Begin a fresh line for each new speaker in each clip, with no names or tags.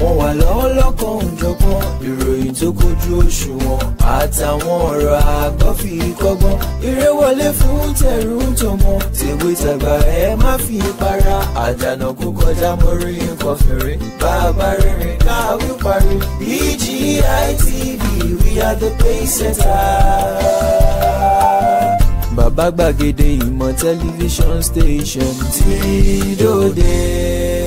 wọ́n wà lọ́wọ́ lọ́kàn òjọ̀gbọ́n ìròyìn tó kojú òṣùwọ̀n àtàwọn ọ̀rọ̀ àgbọ́ kọ́gbọ́n eré wọlé fún tẹ̀rù tọmọ tèwe tàgbà ẹ má fi para àdànà kó kọjá mọ́rí nǹkan fèrè bàbá rìnrìn káwí parí BGI we are the pace setter. bàbá gbàgede ìmọ̀ tẹlifíṣọ̀n station tí dòde.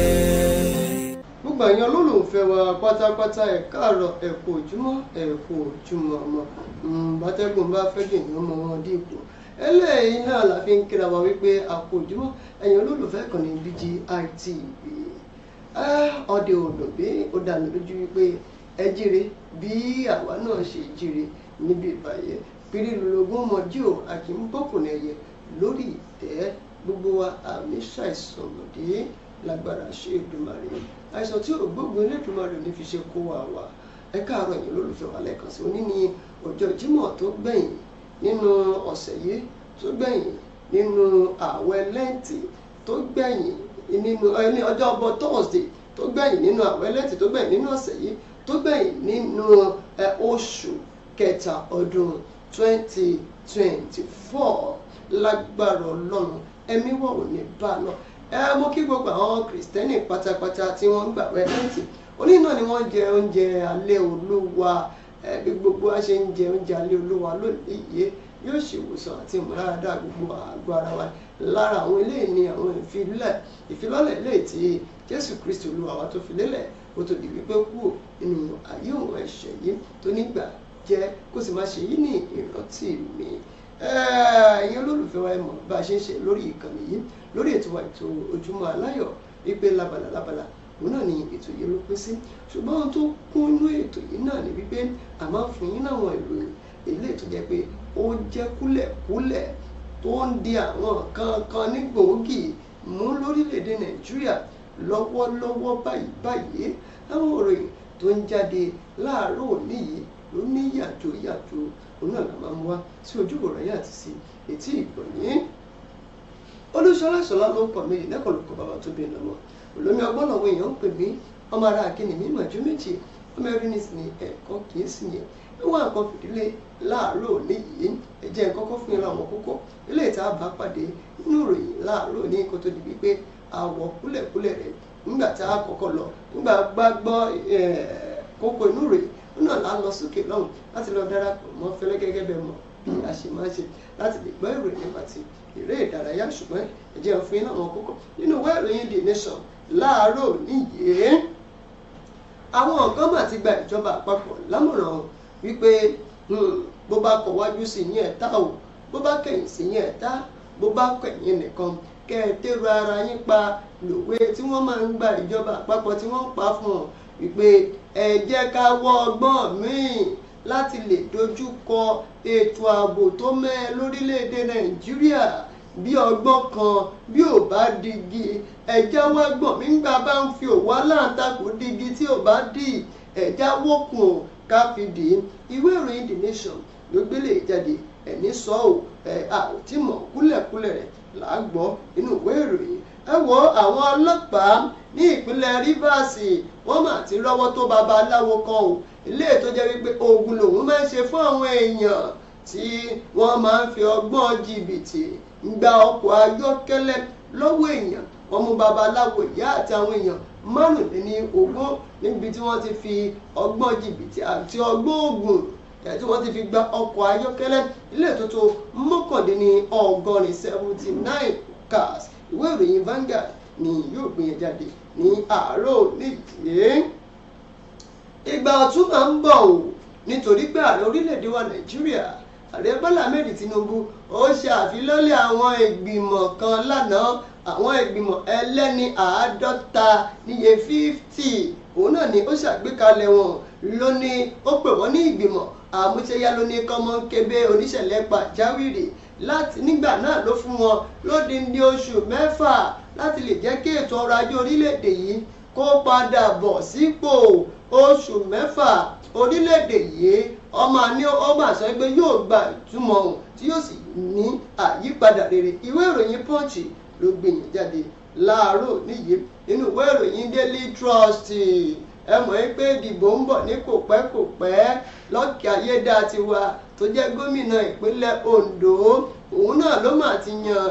gbogbo ẹ̀yin olólùfẹ́ wa pátápátá ẹ káàárọ̀ ẹ kú ọmọ hmm, bátẹ́gùn bá fẹ́ dènà ọmọ wọn dìbò eléyìí náà la fi ń kíra wípé a kú ojúmọ́ ẹ̀yin olólùfẹ́ kan ní BGI TV ọdẹ òdò bí ó dànù àwa náà ṣe jíire níbi ìbàyẹ ò lórí ìtẹ́ gbogbo wa àmì ṣàìsàn lágbára ṣe Èdùmàrè àìsàn tí ò gbógun Elédùmarè ní fi ṣe kó wa wá ẹ káàárọ̀ yìí lólùfẹ́ wa lẹ́ẹ̀kan sí òní ni ọjọ́ Jímọ̀ tó gbẹ̀yìn nínú ọ̀sẹ̀ yìí tó gbẹ̀yìn nínú ààwẹ̀ lẹ́ǹtì tó gbẹ̀yìn nínú ọjọ́ ọbọ Thursday tó gbẹ̀yìn nínú ààwẹ̀ lẹ́ǹtì tó gbẹ̀yìn nínú ọ̀sẹ̀ yìí tó gbẹ̀yìn nínú oṣù kẹta ọdún 2024 lágbára Ọlọ́run ẹ̀mí wọ̀ ò ní bá náà ẹ mú kí gbogbo àwọn kìrìsìtẹ́nì pátápátá tí wọ́n ń gbà rẹ̀ lẹ́ǹtì oní náà ni wọ́n jẹ oúnjẹ alẹ́ olúwa bí gbogbo wa ṣe ń jẹ oúnjẹ alẹ́ olúwa lónìí yìí yóò ṣe ìwòsàn àti ìmúláradá gbogbo àgọ́ ara wa lára àwọn eléyìí ni àwọn ìfilọ́lẹ̀ ìfilọ́lẹ̀ lè ti jésù kristu olúwa wa tó fi lélẹ̀ ó tó di wípé kúrò nínú ayé òun ẹ̀ṣẹ̀ yìí tó nígbà jẹ́ kó sì má ṣe yí ní ìrántí mi ẹ̀yin olólùfẹ́ wa ẹ mọ̀ bá a ṣe ń ṣe lórí ìkànnì yìí lórí ètò àìtò ojúmọ́ aláyọ̀ wípé labala labala òun náà ni ètò yìí ló pín sí ṣùgbọ́n ohun tó kún inú ètò yìí náà ni wípé a máa ń fún yín náwọn ìròyìn ilé tó jẹ́ pé ó jẹ́ kúlẹ̀kúlẹ̀ tó ń di àwọn kankan ní gbòógì mú lórílẹ̀‐èdè nàìjíríà lọ́wọ́lọ́wọ́ báyìí báyìí àwọn ìròyìn tó ń jáde láàárọ̀ òní yìí ló ní yàjò yàjò òun náà la máa ń wá sí ojú ìwòran yàtì sí etí ìgbọ̀nyín olùsọlá sọlá ló ń pọ̀ méjì lẹ́kọ̀ọ́ ló kọ́ bàbá tó bí lọ́mọ olómi ọgbọ́n làwọn èèyàn ń pè mí ọmọ ara àkíní mi màjú méjì ọmọ ẹrí ní sìn ní ẹ̀kọ́ kìí sìn yẹn wíwá nǹkan fìdílé láàárọ̀ òní yìí ẹ jẹ́ n kọ́kọ́ fún yín láwọn kókó ilé ìta bá pàdé nínú ìròyìn láàárọ̀ òní kó tó di wípé àwọ̀ kúlẹ̀kúlẹ̀ rẹ̀ nígbà tá a kọ́kọ́ lọ nígbà gbàgbọ́ kókó inú ìròyìn náà la lọ sókè lọ́hùn láti lọ darapọ̀ mọ́ fẹ́lẹ́ gẹ́gẹ́ bẹ́ẹ̀ mọ̀ bí a ṣe máa ṣe láti lè gbọ́ ìròyìn nípa ti eré ìdárayá ṣùgbọ́n ẹ jẹ́ fún yín àwọn kókó nínú ìwé ìròyìn The Nation láàárọ̀ níyìí àwọn nǹkan mà ti gba ìjọba àpapọ̀ lámọ̀ràn wípé hmm, bó bá kọ wájú sí yín ẹ̀ta o bó bá kẹ̀yìn sí yín ẹ̀ta bó bá kẹ̀yìn nìkan kẹ́ ẹ tẹ́rù ara yín pa lòwe tí wọ́n máa ń gba ìjọba àpapọ̀ tí wọ́n ń pa fún ọ wípé ẹ ká wọ́ ọgbọ́n míì láti lè dojú kọ ètò ààbò tó mẹ́ẹ lórílẹ̀‐èdè nàìjíríà bí ọgbọ́n kan bí ò bá digi ẹ̀já wá gbọ̀n nígbà bá ń fi òwò aláǹtakùn digi tí ò bá dì ẹ̀já wọ́kùn ká fi dì í ìwé ìròyìn the nation ló gbélé e jáde ẹ̀ní sọ ọ́ ẹ̀ àti mọ̀ kúlẹ̀kúlẹ̀ rẹ̀ làá gbọ́ nínú ìwé ìròyìn ẹ wo àwọn ọlọ́pàá ní ìpínlẹ̀ Rivers wọ́n mà ti rọ́wọ́ tó babaláwo kan o ilé tó jẹ́ wípé oògùn lòun máa ń ṣe fún àwọn èèyàn tí wọ́n máa ń fi ọgbọ́n jìbìtì gba ọkọ̀ ayọ́kẹ́lẹ́ lọ́wọ́ èèyàn wọ́n mú babaláwo ìyá àti àwọn èèyàn márùnléní ogún níbi tí wọ́n ti fi ọgbọ́n jìbìtì àti ọgbọ́n oògùn tí wọ́n ti fi gba ọkọ̀ ayọ́kẹ́lẹ́ ilé tó tó mọ́kàndínní ọgọ́rin seventy nine cars ìwé ìròyìn Vanguard ni yóò gbìyànjú jáde ní àárọ̀ nídìí ìgbà ọ̀tún máa ń bọ̀ o nítorí pé ààrẹ orílẹ̀-èdè wa Nàìjíríà ààrẹ Bọ́lá Ahmed Tinubu ó ṣe àfilọ́lẹ̀ àwọn ìgbìmọ̀ kan lánàá àwọn ìgbìmọ̀ ẹlẹ́ni àádọ́ta níye fífítì òun náà ni ó ṣàgbékalẹ̀ wọn lónìí ó pè wọ́n ní ìgbìmọ̀ àmúṣeyá lónìí kọ́mọ́nkébé oníṣẹ̀lẹ̀ pàjáwìrì láti nígbà náà ló fún wọn lódindi oṣù mẹ́fà láti lè jẹ́ kí ètò ọrọ̀ ajé orílẹ̀-èdè yìí kó padà bọ̀ sípò oṣù mẹ́fà orílẹ̀-èdè yìí ọmọ ní ọmọ àṣẹgbẹ́ yóò gba ìtumọ̀ ohun tí yóò sì ní àyípadà rere ìwé ìròyìn punch ló gbìyànjú jáde láàárọ̀ nìyí nínú ìwé ìròyìn daily trust ẹ mọ̀ pé ìdìbò ń bọ̀ ní kò pẹ́ kò pẹ́ ti Ayédátiwa tó jẹ́ gómìnà ìpínlẹ̀ Ondo òun náà ló mà ti yan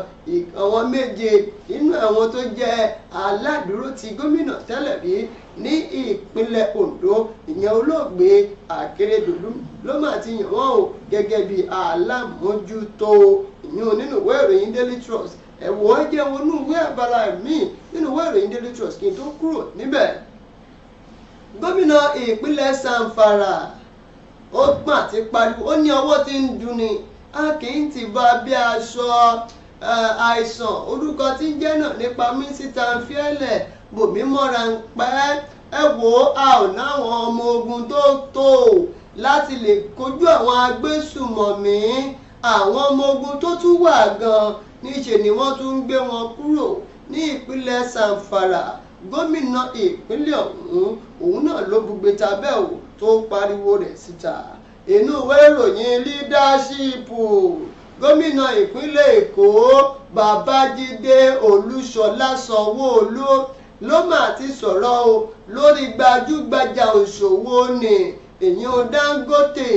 àwọn méje nínú àwọn tó jẹ́ aládùúró ti gómìnà tẹ́lẹ̀ rí ní ìpínlẹ̀ Ondo ìyẹn olóògbé Akérédolú ló ti yan wọ́n o gẹ́gẹ́ bí alámójútó nínú ìwé ìròyìn Daily Trust jẹ́ wọnú ìwé àbára nínú ìwé ìròyìn Daily Trust kí n tó Samfara ó gbọ̀n àti pariwo ó ní ọwọ́ tí ń ni a kì í ti bá bí aṣọ àìsàn orúkọ tí ń jẹ́ náà nípa mínísítà fiẹ́lẹ̀ bòmí mọ́ra ń pẹ́ ẹ wò ó a ò náwọn ọmọ ogun tó tó láti lè kojú àwọn agbésùmọ̀mí àwọn ọmọ ogun tó tún wà gan-an ni wọ́n tún ń gbé wọn kúrò ní ìpínlẹ̀ sanfara gómìnà ìpínlẹ̀ ọ̀hún òun náà ló bùgbé tabẹ́ o tó pariwo rẹ̀ síta inú ìwé ìròyìn lídáṣípù gómìnà ìpínlẹ̀ èkó babájídé olúṣọlá sanwó-olú ló mà ti sọ̀rọ̀ o lórí gbajúgbajà òṣòwò ni èyí ò Dangote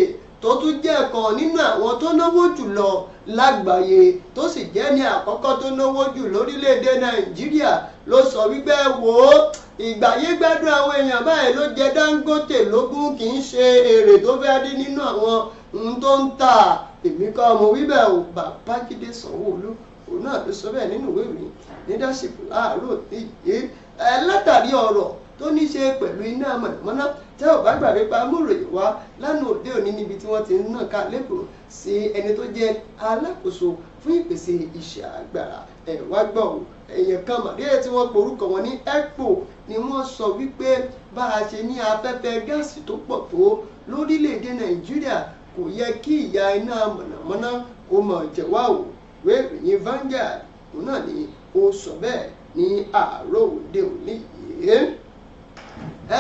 tó tún jẹ́ ọ̀kan nínú àwọn tó náwó jùlọ lágbàáyé tó sì jẹ́ ní àkọ́kọ́ tó náwó jù lórílẹ̀‐èdè nàìjíríà ló sọ wípé wò ó ìgbàyégbádùn àwọn èèyàn báyìí ló jẹ Dangote lógún kì í ṣe èrè tó fẹ́ dín nínú àwọn ohun tó ń tà èmi kọ́ ọmọ wíbẹ̀ ò Babájídé Sanwó-Olú òun náà ló sọ bẹ́ẹ̀ nínú ìwé ìròyìn nídásìkò láàárọ̀ èyí látàrí ọ̀rọ̀ tó ní ṣe pẹ̀lú iná mọ̀nàmọ́ná tẹ́ ò bá gbàgbé pa amúròyìn wá lánàá òde òní níbi tí wọ́n ti ń nàka lẹ́kọ̀ọ́ sí ẹni tó jẹ́ alákòóso fún ìpèsè iṣẹ́ agbára ẹ̀ èèyàn kan màdíyẹ tí wọ́n porúkọ wọn ní expo ni wọ́n sọ wípé bá a ṣe ní afẹ́fẹ́ gáàsì tó pọ̀ tó lórílẹ̀‐èdè nàìjíríà kò yẹ kí ìyà iná mọ̀nàmọ́ná kó mọ̀ jẹ̀ o wéèrè ní Vanguard òun náà ni ó sọ bẹ́ẹ̀ ní àárọ̀ òde òní yìí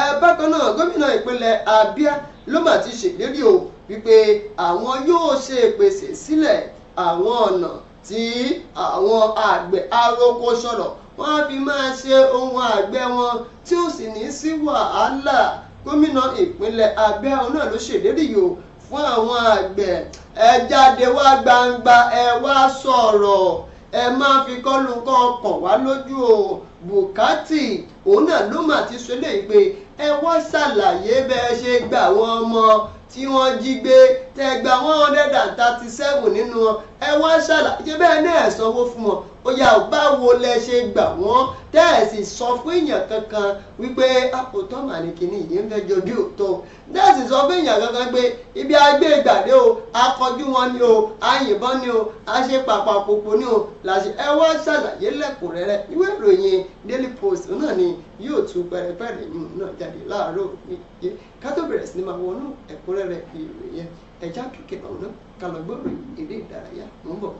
ẹ bákan náà gómìnà ìpínlẹ̀ Abia ló mà ti ṣèlérí o wípé àwọn yóò ṣe ìpèsè sílẹ̀ àwọn ọ̀nà tí àwọn àgbẹ̀ aróko sọ̀rọ̀ wọ́n á fi máa ṣe ohun àgbẹ̀ wọn tí ó sì ní sí wàhálà gómìnà ìpínlẹ̀ Abia òun náà ló ṣèlérí yìí o fún àwọn àgbẹ̀ ẹ jáde wá gbangba ẹ wá sọ̀rọ̀ ẹ má fi kọ́lu kọ́ ọkàn wá lójú o bùkátì òun náà ló mà ti sọ eléyìí pé ẹ wá ṣàlàyé bẹ́ẹ̀ ṣe gba àwọn ọmọ tí wọ́n jí gbé tẹ́ one hundred and thirty seven nínú ẹ wá ṣàlàyé bẹ́ẹ̀ náà sanwó fún wọn ó yà ó báwo lẹ ṣe gbà wọ́n tẹ́ ẹ̀ sì sọ fún èèyàn kankan wípé àpòtọ́ mà ní kinní yìí ń fẹ́ jọjú òótọ́ tẹ́ ẹ̀ sì sọ fún èèyàn kankan pé ibi agbé ìgbàdé o akọjú wọn ni o àyìnbọn ni o àṣepàpà òpópó ni o làṣẹ ẹ wá ṣàlàyé lẹ́kùnrẹ́rẹ́ ìwé ìròyìn Daily Post náà ni yóò tú pẹrẹpẹrẹ yìí náà jáde láàárọ̀ òní yìí ká tó bẹ̀rẹ̀ sí ni máa wọnú ẹ̀kúnrẹ́rẹ́ ìròyìn Eh, jaake kita oɗon kalau goɗɗo ini leydi ya mo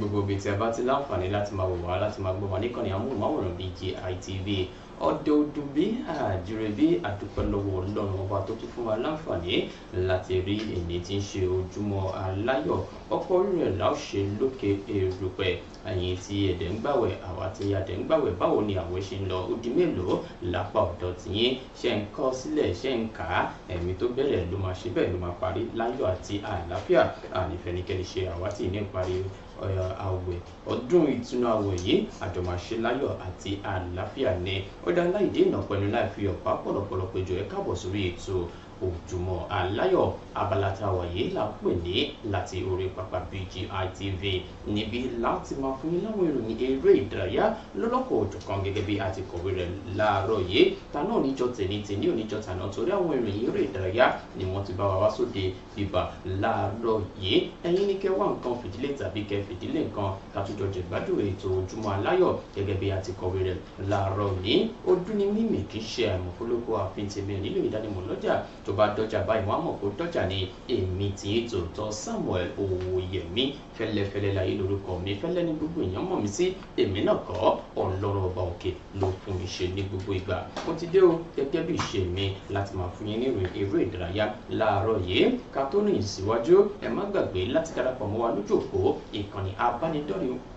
gbogbo ibi tí a bá ti láǹfààní láti máa wò wá láti máa gbọ́ wá níkànnì amóhùnmáwòrán BGI TV ọdọọdún bí àjèrè bí àdúpẹ́ lọ́wọ́ ọlọ́run ọba tó tún fún wa láǹfààní láti rí èyí tí ń ṣe ojúmọ́ aláyọ̀ ọ̀pọ̀ rírẹ̀ láòṣe lókè erùpẹ̀ ẹ̀yìn tí ẹ̀dẹ̀ ń gbàwẹ̀ àwa tí ẹ̀dẹ̀ ń gbàwẹ̀ báwo ni àwẹ̀ ṣe ń lọ ó di mélòó lápá ọ̀dọ̀ tìyín ṣe ń kọ́ sílẹ̀ ṣe ń kà á ẹ̀mí tó bẹ̀rẹ̀ ló máa ṣe bẹ́ẹ̀ ló máa parí láyọ̀ àti àlàáfíà ànífẹ́nikẹ́ni àwẹ̀ ọdún ìtúnú àwẹ̀ yìí àjọ máa ṣe láyọ̀ àti àlàáfíà ni ó dá láìdí ìnà pẹ̀lú láì fi ọ̀pá pọ̀lọ̀pọ̀lọ̀ péjọ ẹ káàbọ̀ sórí ètò òjòmọ́ aláyọ̀ abala tá a wà yìí là ń pè ní láti orí pápá BGI TV níbi láti máa fún yín láwọn ìròyìn eré ìdárayá lọ́lọ́kọ̀ òjọ̀kan gẹ́gẹ́ bí a ti kọ̀wé rẹ̀ láàárọ̀ yìí ta náà níjọ tèmi tèmi oníjọ tàná torí àwọn ìròyìn eré ìdárayá ni wọ́n ti bá wa wá sóde bíbà láàárọ̀ yìí ẹ̀yin ní kẹ́ wá nǹkan fìdílé tàbí kẹ́ fìdílé nǹkan kàtújọ jẹ̀gbádùn ètò òjòmọ́ aláyọ̀ gẹ́gẹ́ ni mímì tó bá dọ́jà báyìí wọ́n á mọ̀ pé dọ́jà ni èmi tí í tòótọ́ Samuel Owóyẹmí fẹ́lẹ́fẹ́lẹ́ láyé lórúkọ mi fẹ́lẹ́ ní gbogbo èèyàn mọ̀ mí sí èmi náà kọ́ ọlọ́run ọba òkè ló fún mi ṣe ní gbogbo ìgbà mo ti dé o gẹ́gẹ́ bí ìṣe mi láti máa fún yín ní eré ìdárayá láàárọ̀ yìí ká tó ní ìsíwájú ẹ má gbàgbé láti darapọ̀ mọ́ wa lójú òpó ìkànnì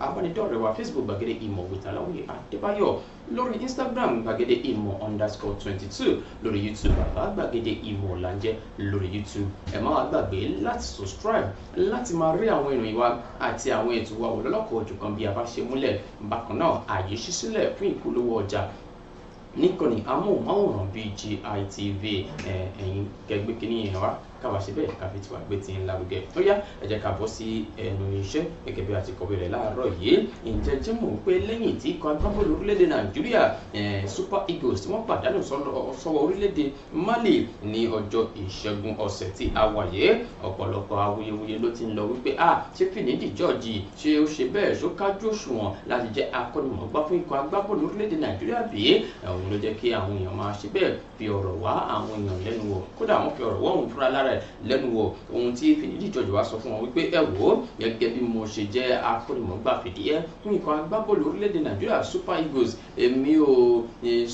abánidọ́rẹ̀ wa Facebook gbàgede ìmọ̀ with Aláwìyé Adébáyọ̀ lórí instagram gbàgede ìmọ̀ underscore twenty two lórí youtube bàbá gbàgede ìmọ̀ ọ̀làǹjẹ́ lórí youtube ẹ má wàá gbàgbé láti subscribe láti máa rí àwọn ìròyìn wa àti àwọn ètò wa òlọ́lọ́kọ̀ òjọ̀kan bí a bá ṣe múlẹ̀ bákan náà àyè ṣí sílẹ̀ fún ìpolówó ọjà níkànnì amóhùnmáwòrán bíi BGI ẹ̀yin kẹgbẹ́ kínní yẹn káwa ṣe bẹ́ẹ̀ káfi tiwa gbé ti ń lárugẹ tó yá ẹ jẹ́ ká bọ́ sí ẹnu iṣẹ́ gẹ́gẹ́ bí a ti kọ̀wé rẹ̀ láàárọ̀ yìí ǹjẹ́ jẹ́ mọ̀ pé lẹ́yìn tí ikọ̀ agbábọ́ọ̀lù orílẹ̀-èdè nàìjíríà super eagles tí wọ́n pàdánù sọ́wọ́ orílẹ̀-èdè mali ní ọjọ́ ìṣẹ́gun ọ̀sẹ̀ tí a wà yìí ọ̀pọ̀lọpọ̀ awuyewuye ló ti ń lọ wípé a ah, ṣé fìnídì george ṣé ó ṣe bẹ́ẹ̀ ṣó kájú òṣùwọ̀n láti jẹ́ akọ́nimọ̀gbá fún ikọ̀ agbábọ́ọ̀lù orílẹ̀-èdè nàìjíríà bí òun ló jẹ́ kí àwọn èèyàn máa ṣe bẹ́ẹ̀ fi ọ̀rọ̀ wá àwọn èèyàn lẹ́nu wò kódà wọ́n fi ọ̀rọ̀ wọ́n fúnra lára rẹ̀ lẹ́nu wò ohun tí Finidi George wá sọ fún wọn wípé ẹ wò ó gẹ́gẹ́ bí mo ṣe jẹ́ akọ́nìmọ̀gbà fìdíhẹ́ fún ikọ̀ agbábọ́ọ̀lù orílẹ̀-èdè Nàìjíríà Super Eagles èmi ò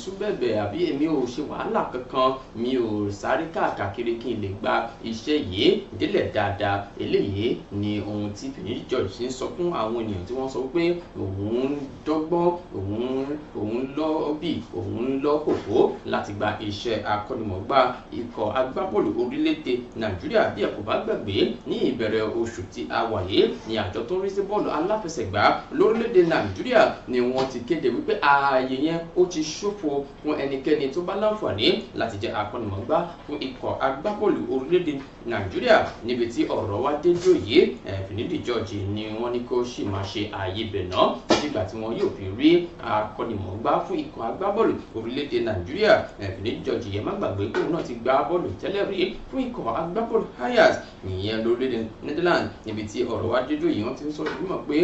súbẹ̀bẹ̀ àbí èmi ò ṣe wàhálà kankan mi ò sáré káàkiri kí n lè gba iṣẹ́ yìí délẹ̀ dáadáa eléyìí ni ohun tí Finidi George ń sọ fún àwọn ènìyàn tí wọ́n sọ pé òun ń dọ́gbọ́n òun òun lọ́ bì òun lọ́ kòkó láti gba iṣẹ́ akọ́nìmọ̀gbà ikọ̀ agbábọ́ọ̀lù orílẹ̀-èdè nàìjíríà bí ẹ kò bá gbàgbé ní ìbẹ̀rẹ̀ oṣù tí a wà yìí ni àjọ tó ń rí sí bọ́ọ̀lù aláfẹsẹ̀gbá lórílẹ̀‐èdè nàìjíríà ni wọ́n ti kéde wípé ààyè yẹn ó ti ṣòfò fún ẹnikẹ́ni tó bá láǹfààní láti jẹ́ akọ́nìmọ̀gbá fún ikọ̀ agbábọ́ọ̀lù orílẹ̀‐èdè nàìjíríà níbi tí ọ̀rọ̀ wa dé dúró yìí Finidi George ni wọ́n ní kó sì máa ṣe ààyè ibẹ̀ náà nígbà tí wọ́n yóò fi rí akọ́nimọ̀ọ́gbá fún ikọ̀ agbábọ́ọ̀lù orílẹ̀-èdè nàìjíríà Finidi George yẹn má gbàgbé pé òun náà ti gba bọ́ọ̀lù tẹ́lẹ̀ rí fún ikọ̀ agbábọ́ọ̀lù Ajax ìyẹn lórílẹ̀-èdè Netherlands níbi tí ọ̀rọ̀ wa dé dúró yìí wọ́n ti ń sọ ìgbìmọ̀ pé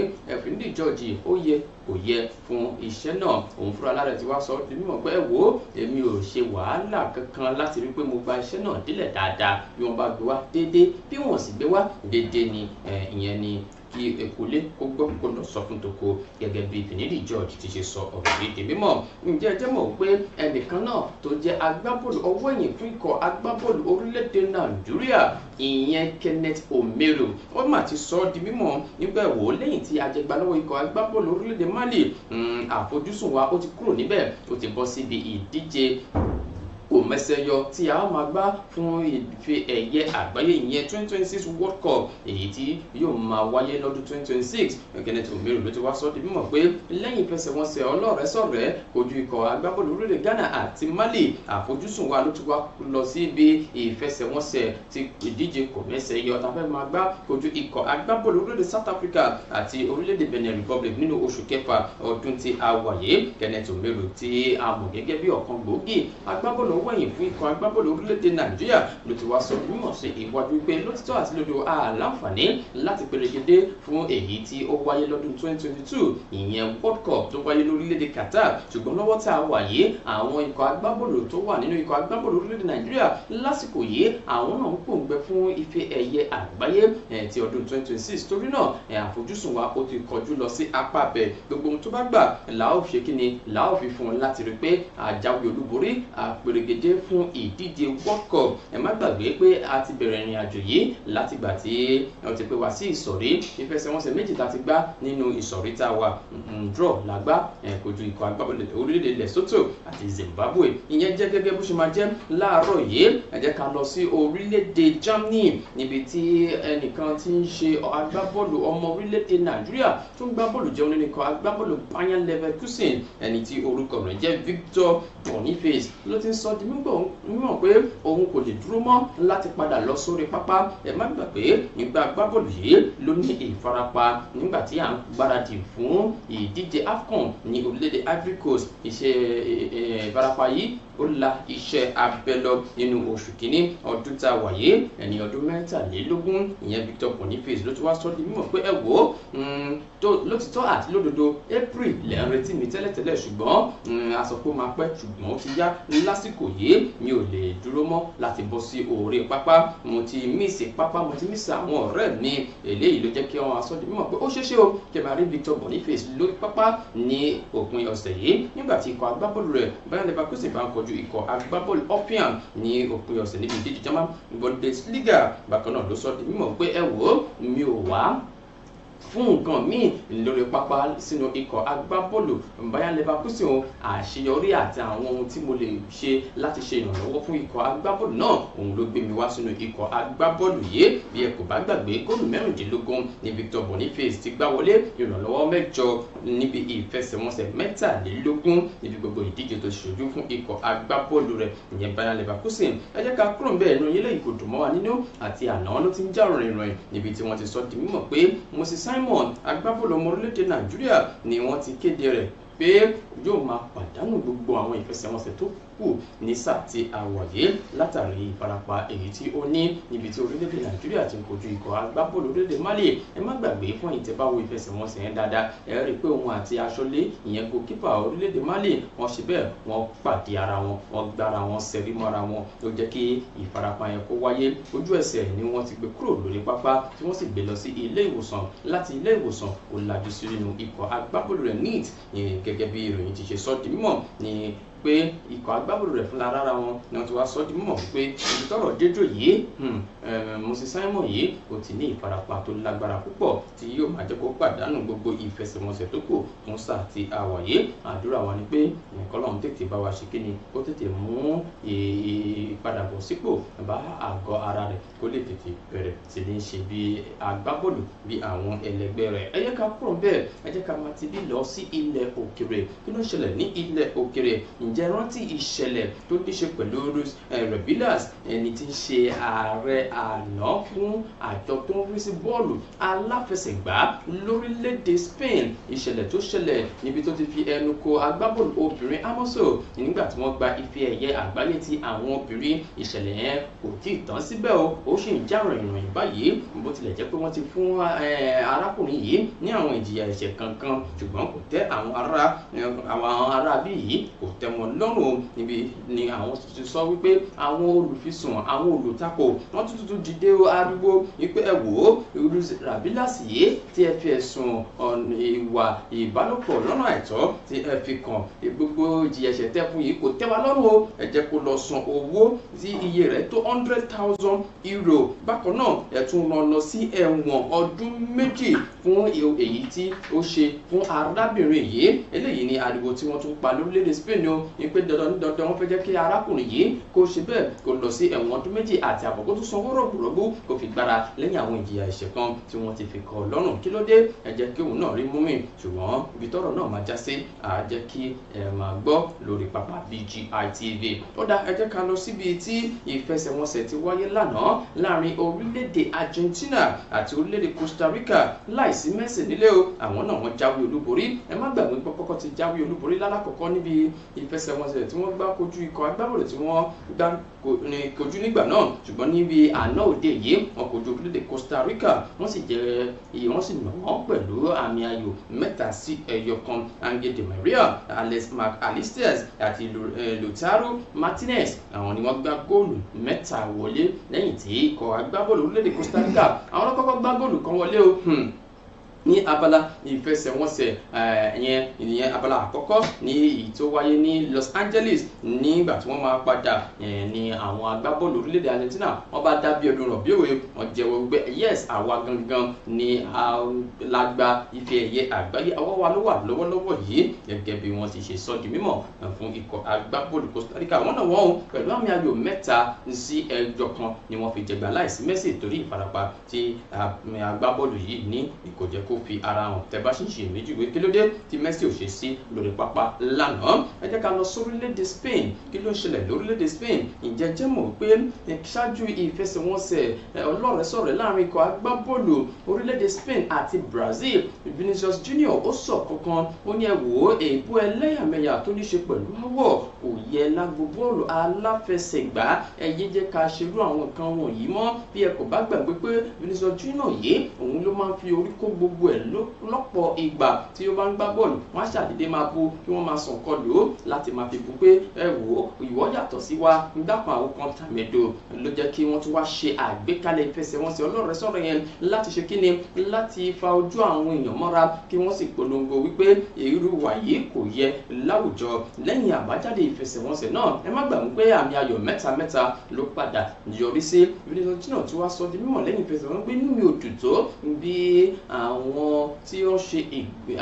Finidi George ó yẹ kò yẹ fún iṣẹ́ náà òun fúnra lára ti wá sọ ọ́ di mímọ̀ pé ẹ wo èmi ò ṣe wàhálà kankan láti rí pé mo gba iṣẹ́ náà délẹ̀ dáadáa bí wọ́n bá gbé wá wá déédéé bí wọ́n sì gbé wá déédéé ni ìyẹn ni kí ekule kó gbọ́ kó lọ sọ fún toko gẹ́gẹ́ bí Finidi George ti ṣe sọ ọ̀rọ̀ yìí di mímọ̀ ǹjẹ́ ẹjẹ́ mọ̀ pé ẹnìkan náà tó jẹ́ agbábọ́ọ̀lù ọwọ́ ẹ̀yìn fún ikọ̀ agbábọ́ọ̀lù orílẹ̀-èdè Nàìjíríà ìyẹn Kenneth Omeru ó mà ti sọ ọ́ di mímọ̀ nígbà ẹ̀wò lẹ́yìn tí ajẹgbalọ́wọ́ ikọ̀ agbábọ́ọ̀lù orílẹ̀-èdè Mali hmm, àfojúsùn wa ó ti kúrò níbẹ̀ ó ti bọ́ síbi ìdíje mẹ́sẹ̀yọ tí a máa gbá fún ife ẹ̀yẹ àgbáyé ìyẹn 2026 world cup èyí tí yóò máa wáyé lọ́dún 2026 Kenneth Omeru ló ti wá sọ di mímọ̀ pé lẹ́yìn ìfẹsẹ̀wọnsẹ̀ ọlọ́rẹ̀ẹ́sọ̀rẹ́ ojú ikọ̀ agbábọ́ọ̀lù orílẹ̀ Ghana àti Mali àfojúsùn wa ló ti wá lọ sí ibi ìfẹsẹ̀wọnsẹ̀ ti ìdíje kò mẹ́sẹ̀yọ tá a fẹ́ máa gbá ojú ikọ̀ agbábọ́ọ̀lù orílẹ̀ South Africa àti orílẹ̀-èdè Benin Republic nínú oṣù kẹfà ọdún tí a a mọ̀ gẹ́gẹ́ bí ọ̀kan akọ̀ròyìn fún ikọ̀ agbábọ́ọ̀lù orílẹ̀-èdè nàìjíríà ló ti wá sọ gbúmọ̀ sí iwájú pé lótìtọ́ àti lódò àlàǹfààní láti perégedé fún èyí tí ó wáyé lọ́dún 2022 ìyẹn world cup tó wáyé lórílẹ̀-èdè qatar ṣùgbọ́n lọ́wọ́ tá a wà yìí àwọn ikọ̀ agbábọ́ọ̀lù tó wà nínú ikọ̀ agbábọ́ọ̀lù orílẹ̀-èdè nàìjíríà lásìkò yìí àwọn náà ń pòǹgbẹ fún ife ẹ̀yẹ àgbáyé ti ọdún 2026 torí náà àfojúsùn wa ó ti kọjú lọ sí apá abẹ gbogbo ohun tó bá gbà làá ò ṣe kí ni làá ò fi fún un láti rí pé àjáwé olúborí àpèrègèd díje fún ìdíje world cup ẹ má gbàgbé pé a ti bẹ̀rẹ̀ ìrìn àjò yìí látìgbà tí wọ́n ti pè wá sí ìsọ̀rí ìfẹsẹ̀wọnsẹ̀ méjì tá ti gbá nínú ìsọ̀rí tá a wà draw la kojú ikọ̀ agbábọ́ọ̀lù orílẹ̀-èdè Lesotho àti Zimbabwe ìyẹn jẹ́ gẹ́gẹ́ bó ṣe máa jẹ́ láàárọ̀ yìí ẹ jẹ́ ká lọ sí orílẹ̀-èdè Germany níbi tí ẹnìkan ti ń ṣe agbábọ́ọ̀lù ọmọ orílẹ̀-èdè Nàìjíríà tó ń gbá jẹun nínú agbábọ́ọ̀lù Bayer Leverkusen ẹni tí orúkọ rẹ̀ jẹ́ Victor Boniface ló ti ń sọ di mímọ̀ pé òun kò lè dúró mọ́ láti padà lọ sórí pápá ẹ má gbàgbé ìgbà agbábọ́ọ̀lù yìí ló ní ìfarapa nígbà tí à ń gbáradì fún ìdíje AFCON ní orílẹ̀-èdè Ivory Coast ìṣe ìfarapa yìí ó la iṣẹ́ abẹ lọ nínú oṣù kínní ọdún tá a wà yìí ẹni ọdún mẹ́tàlélógún ìyẹn Victor Boniface ló ti wá sọ ọ́ di mímọ̀ pé ẹ wò ó mm, lótìtọ́ àti lódodo April lẹ́ ń retí mi tẹ́lẹ̀tẹ́lẹ̀ ṣùgbọ́n mm, a sọ pé ó máa pẹ́ ṣùgbọ́n ó ti yá lásìkò yìí mi ò lè dúró mọ́ láti bọ́ sí òòrè pápá mo ti mísì pápá mo ti mísì àwọn ọ̀rẹ́ mi eléyìí ló jẹ́ kí wọ́n aṣọ di mímọ̀ pé ó ṣeéṣe o kí máa rí Victor Boniface lórí pápá ní òpin ọ̀sẹ̀ yìí nígbà tí ikọ̀ agbábọ́ọ̀lù rẹ̀ Bayer Leverkusen bá ń kọ kojú ikọ̀ agbábọ́ọ̀lù Oppian ní òpin ọ̀sẹ̀ níbi ìdíje German Bundesliga bákan náà ló sọ di mímọ̀ pé ẹ wò ó mi ò wá fún nǹkan míì lórí pápá sínú ikọ̀ agbábọ́ọ̀lù Bayer Leverkusen àṣeyọrí àti àwọn ohun tí mo lè ṣe láti ṣe ìrànlọ́wọ́ fún ikọ̀ agbábọ́ọ̀lù náà òun ló gbé mi wá sínú ikọ̀ agbábọ́ọ̀lù yìí bí ẹ kò bá gbàgbé góòlù mẹ́rìndínlógún ni Victor Boniface ti gbá wọlé ìrànlọ́wọ́ mẹ́jọ níbi ìfẹsẹ̀wọnsẹ̀ mẹ́tàlélógún níbi gbogbo ìdíje tó ṣojú fún ikọ̀ agbábọ́ọ̀lù rẹ̀ ìyẹn Simon agbábọ́ọ̀lù ọmọ orílẹ̀-èdè Nàìjíríà ni wọ́n ti kéde rẹ̀ pé yóò máa pàdánù gbogbo àwọn ìfẹsẹ̀wọnsẹ̀ tó kù ní sáà tí a wà yìí látàrí ìfarapa èyí tí ó ní níbi tí orílẹ̀-èdè nàìjíríà ti ń kojú ikọ̀ agbábọ́ọ̀lù orílẹ̀-èdè mali ẹ má gbàgbé fún ìtẹ́báwo ìfẹsẹ̀wọnsẹ̀ yẹn dáadáa ẹ rí i pé òun àti aṣọlé ìyẹn goalkeeper orílẹ̀-èdè mali wọ́n ṣe bẹ́ẹ̀ wọ́n pàdé ara wọn wọ́n gbára wọn sẹ́rí mọ́ra wọn ló jẹ́ kí ìfarapa yẹn kó wáyé ojú ẹsẹ̀ ni wọ́n ti gbé kúrò lórí pápá tí wọ́n sì gbé lọ sí ilé ìwòsàn láti ilé ìwòsàn ó lajú sínú ikọ̀ agbábọ́ọ̀lù rẹ̀ neat gẹ́gẹ́ bí ìròyìn ti ṣe sọ di mímọ̀ ní wípé ikọ̀ agbábọ́ọ̀lù rẹ̀ fúnra rárá wọn ni wọ́n ti wá sọ di mímọ̀ wípé ibi tọ́rọ̀ dédò yìí hmm, eh, Moses Simon yìí kò ti ní ìfarapa tó lágbára púpọ̀ tí yóò máa jẹ́ kó pàdánù gbogbo ìfẹsẹ̀wọnsẹ̀ tó kù fún sáà ti àwọ̀ yìí àdúrà wa ni pé nǹkan lọ́run tètè bá wa ṣe kíni ó tètè mú ìpadàbọ̀ sípò bá àgọ́ ara rẹ̀ kó lè tètè bẹ̀rẹ̀ sí ní ṣe bí agbábọ́ọ̀lù bí àwọn ẹlẹgbẹ́ rẹ̀ ẹ jẹ́ ká kúrò bẹ́ẹ̀ ẹ jẹ́ ká máa ti bí lọ sí ilẹ̀ òkèrè kí ló ń ǹjẹ́ rántí ìṣẹ̀lẹ̀ tó ní ṣe pẹ̀lú eh, Rubilas ẹni tí ń ṣe ààrẹ àná fún àjọ tó ń rí sí bọ́ọ̀lù aláfẹsẹ̀gbá lórílẹ̀‐èdè Spain ìṣẹ̀lẹ̀ tó ṣẹlẹ̀ níbi tó ti fi ẹnu ko agbábọ́ọ̀lù obìnrin Amoso nígbà tí wọ́n gba ife ẹ̀yẹ àgbáyé ti àwọn obìnrin ìṣẹ̀lẹ̀ yẹn kò tí ì tán síbẹ̀ o ó sì ń já ìròyìn báyìí bó tilẹ̀ jẹ́ pé wọ́n ti fún eh, arákùnrin yìí ní àwọn ìjìyà ẹ̀ṣẹ̀ kankan ṣùgbọ́n kò tẹ́ àwọn ará eh, bí yìí kò tẹ́ wọn wọ́n lọ́rùn níbi ni àwọn ti sọ wípé àwọn olùfisùn àwọn olùtakò wọ́n tún tún dìde ariwo wípé ẹ wò ó Rabilat yìí tí ẹ fi ẹ̀sùn ìwà ìbálòpọ̀ lọ́nà àìtọ́ tí ẹ fi kàn gbogbo ìjìyà ẹ̀ṣẹ̀ tẹ́ fún yìí kò tẹ́ wa lọ́rùn o ẹ jẹ́ kó lọ san owó tí iye rẹ̀ tó hundred thousand euro bákan náà ẹ tún lọ lọ sí ẹ̀wọ̀n ọdún méjì fún èyí tí ó ṣe fún arábìnrin yìí eléyìí ni ariwo tí wọ́n tún pa lórílẹ̀‐èdè Spain o ìpè dandan ní dandan wọn fẹ́ jẹ́ kí arákùnrin yìí kó ṣe bẹ́ẹ̀ kó lọ sí ẹ̀wọ̀n ọdún méjì àti àbọ̀ kó tún sanwó rọ̀gbùrọ̀gbù kó fi gbára lẹ́yìn àwọn ìjìyà ẹ̀ṣẹ̀ kan tí wọ́n ti fi kọ́ lọ́rùn kí ló dé ẹ kí òun náà rí mú mi ṣùgbọ́n ibi tọ́rọ̀ náà máa já sí á kí ẹ máa gbọ́ lórí pápá BGI TV ó dá ẹ jẹ́ ká lọ síbi tí ìfẹsẹ̀wọnsẹ̀ ti wáyé lánàá láàrin orílẹ̀-èdè Argentina àti orílẹ̀-èdè Costa Rica láìsí Messi nílé o àwọn náà wọ́n jáwé olúborí ẹ má gbàgbé pọ́pọ́kọ́ ti jáwé olúborí lálákọ̀ọ́kọ́ níbi ìf ìfẹsẹ̀wọnsẹ̀ tí wọ́n gbá kojú ikọ̀ agbábọ́ọ̀lù tí wọ́n gbá kojú nígbà náà ṣùgbọ́n níbi àná òde yìí wọn kojú orílẹ̀-èdè Costa Rica wọ́n sì jẹ wọ́n sì nà wọ́n pẹ̀lú àmì ayò mẹ́ta sí ẹyọ kan Angel Di Maria Alex McAllister àti eh, Lautaro Martinez àwọn ni wọ́n gbá góòlù mẹ́ta wọlé lẹ́yìn tí ikọ̀ agbábọ́ọ̀lù orílẹ̀-èdè Costa Rica àwọn ló gbá góòlù kan wọlé o hmm ní abala ìfẹsẹ̀wọnsẹ̀ ẹ̀yẹn eh, ìyẹn abala àkọ́kọ́ ní èyí tó wáyé ní Los Angeles nígbà tí wọ́n máa padà eh, ní àwọn agbábọ́ọ̀lù orílẹ̀-èdè Argentina wọ́n bá dábí ọdún rọ̀ bí òwe wọ́n jẹ́wọ́ gbé yes àwa gangan ni alágbá ife ẹ̀yẹ àgbáyé àwa wa ló wà lọ́wọ́lọ́wọ́ yìí gẹ́gẹ́ bí wọ́n ti ṣe sọ di mímọ̀ eh, fún ikọ̀ agbábọ́ọ̀lù Costa Rica wọ́n náà wọ́n pẹ̀lú àmì ayò mẹ́ta sí ẹjọ́ kan ni wọ́n fi jẹgbà láìsí Messi torí ìfarapa tí ah, agbábọ́ọ̀lù yìí ní ìkòjẹ́kò ó fi ara hàn tẹ̀bá ṣì ń ṣe méjì wé kí ló dé tí Messi ò ṣe sí lórí pápá lánàá ẹ jẹ́ ká lọ sórílẹ̀-èdè Spain kí ló ṣẹlẹ̀ lórílẹ̀-èdè Spain ǹjẹ́ jẹ́ mọ̀ pé ṣáájú ìfẹsẹ̀wọnsẹ̀ ọlọ́rẹ̀ẹ́sọ̀rẹ̀ láàrin ikọ̀ agbábọ́ọ̀lù orílẹ̀-èdè Spain àti Brazil Vinicius Junior ó sọ kankan ó ní ẹ wò ó èébú ẹlẹ́yàmẹ̀yà tó ní ṣe pẹ̀lú àwọ̀ kò yẹ lágbo bọ́ọ̀lù aláfẹsẹ̀gbá ẹ yé jẹ́ ká ṣerú àwọn nǹkan wọ̀nyí mọ́ bí ẹ kò bá gbàgbé pé Vinicius Junior yìí òun ló máa ń fi orí kó gbogbo gbogbo ẹ̀ lọ́pọ̀ ìgbà tí ó bá ń gbá bọ́ọ̀lù wọ́n á ṣàdédé máa bu kí wọ́n máa sàn kọlù ó láti máa fi bu pé ẹ wò ó ìwọ yàtọ̀ sí wa gbàpọ̀ àwọn kan tàmẹ̀dò ló jẹ́ kí wọ́n tún wá ṣe àgbékalẹ̀ ìfẹsẹ̀wọnsẹ̀ ọlọ́rẹ̀ẹ́sọ̀rọ̀ yẹn láti ṣe kíni láti fa ojú àwọn èèyàn mọ́ra kí wọ́n sì polongo wípé irú wàyí kò yẹ láwùjọ lẹ́yìn àbájáde ìfẹsẹ̀wọnsẹ̀ náà ẹ má gbà wípé àmì ayọ̀ mẹ́ta ló padà yọrí sí Vinicius Junior tí wàá sọ di mímọ̀ lẹ́yìn ìfẹsẹ̀wọnsẹ̀ pé inú mi ò dùn tó bí àwọn àwọn tí wọ́n ṣe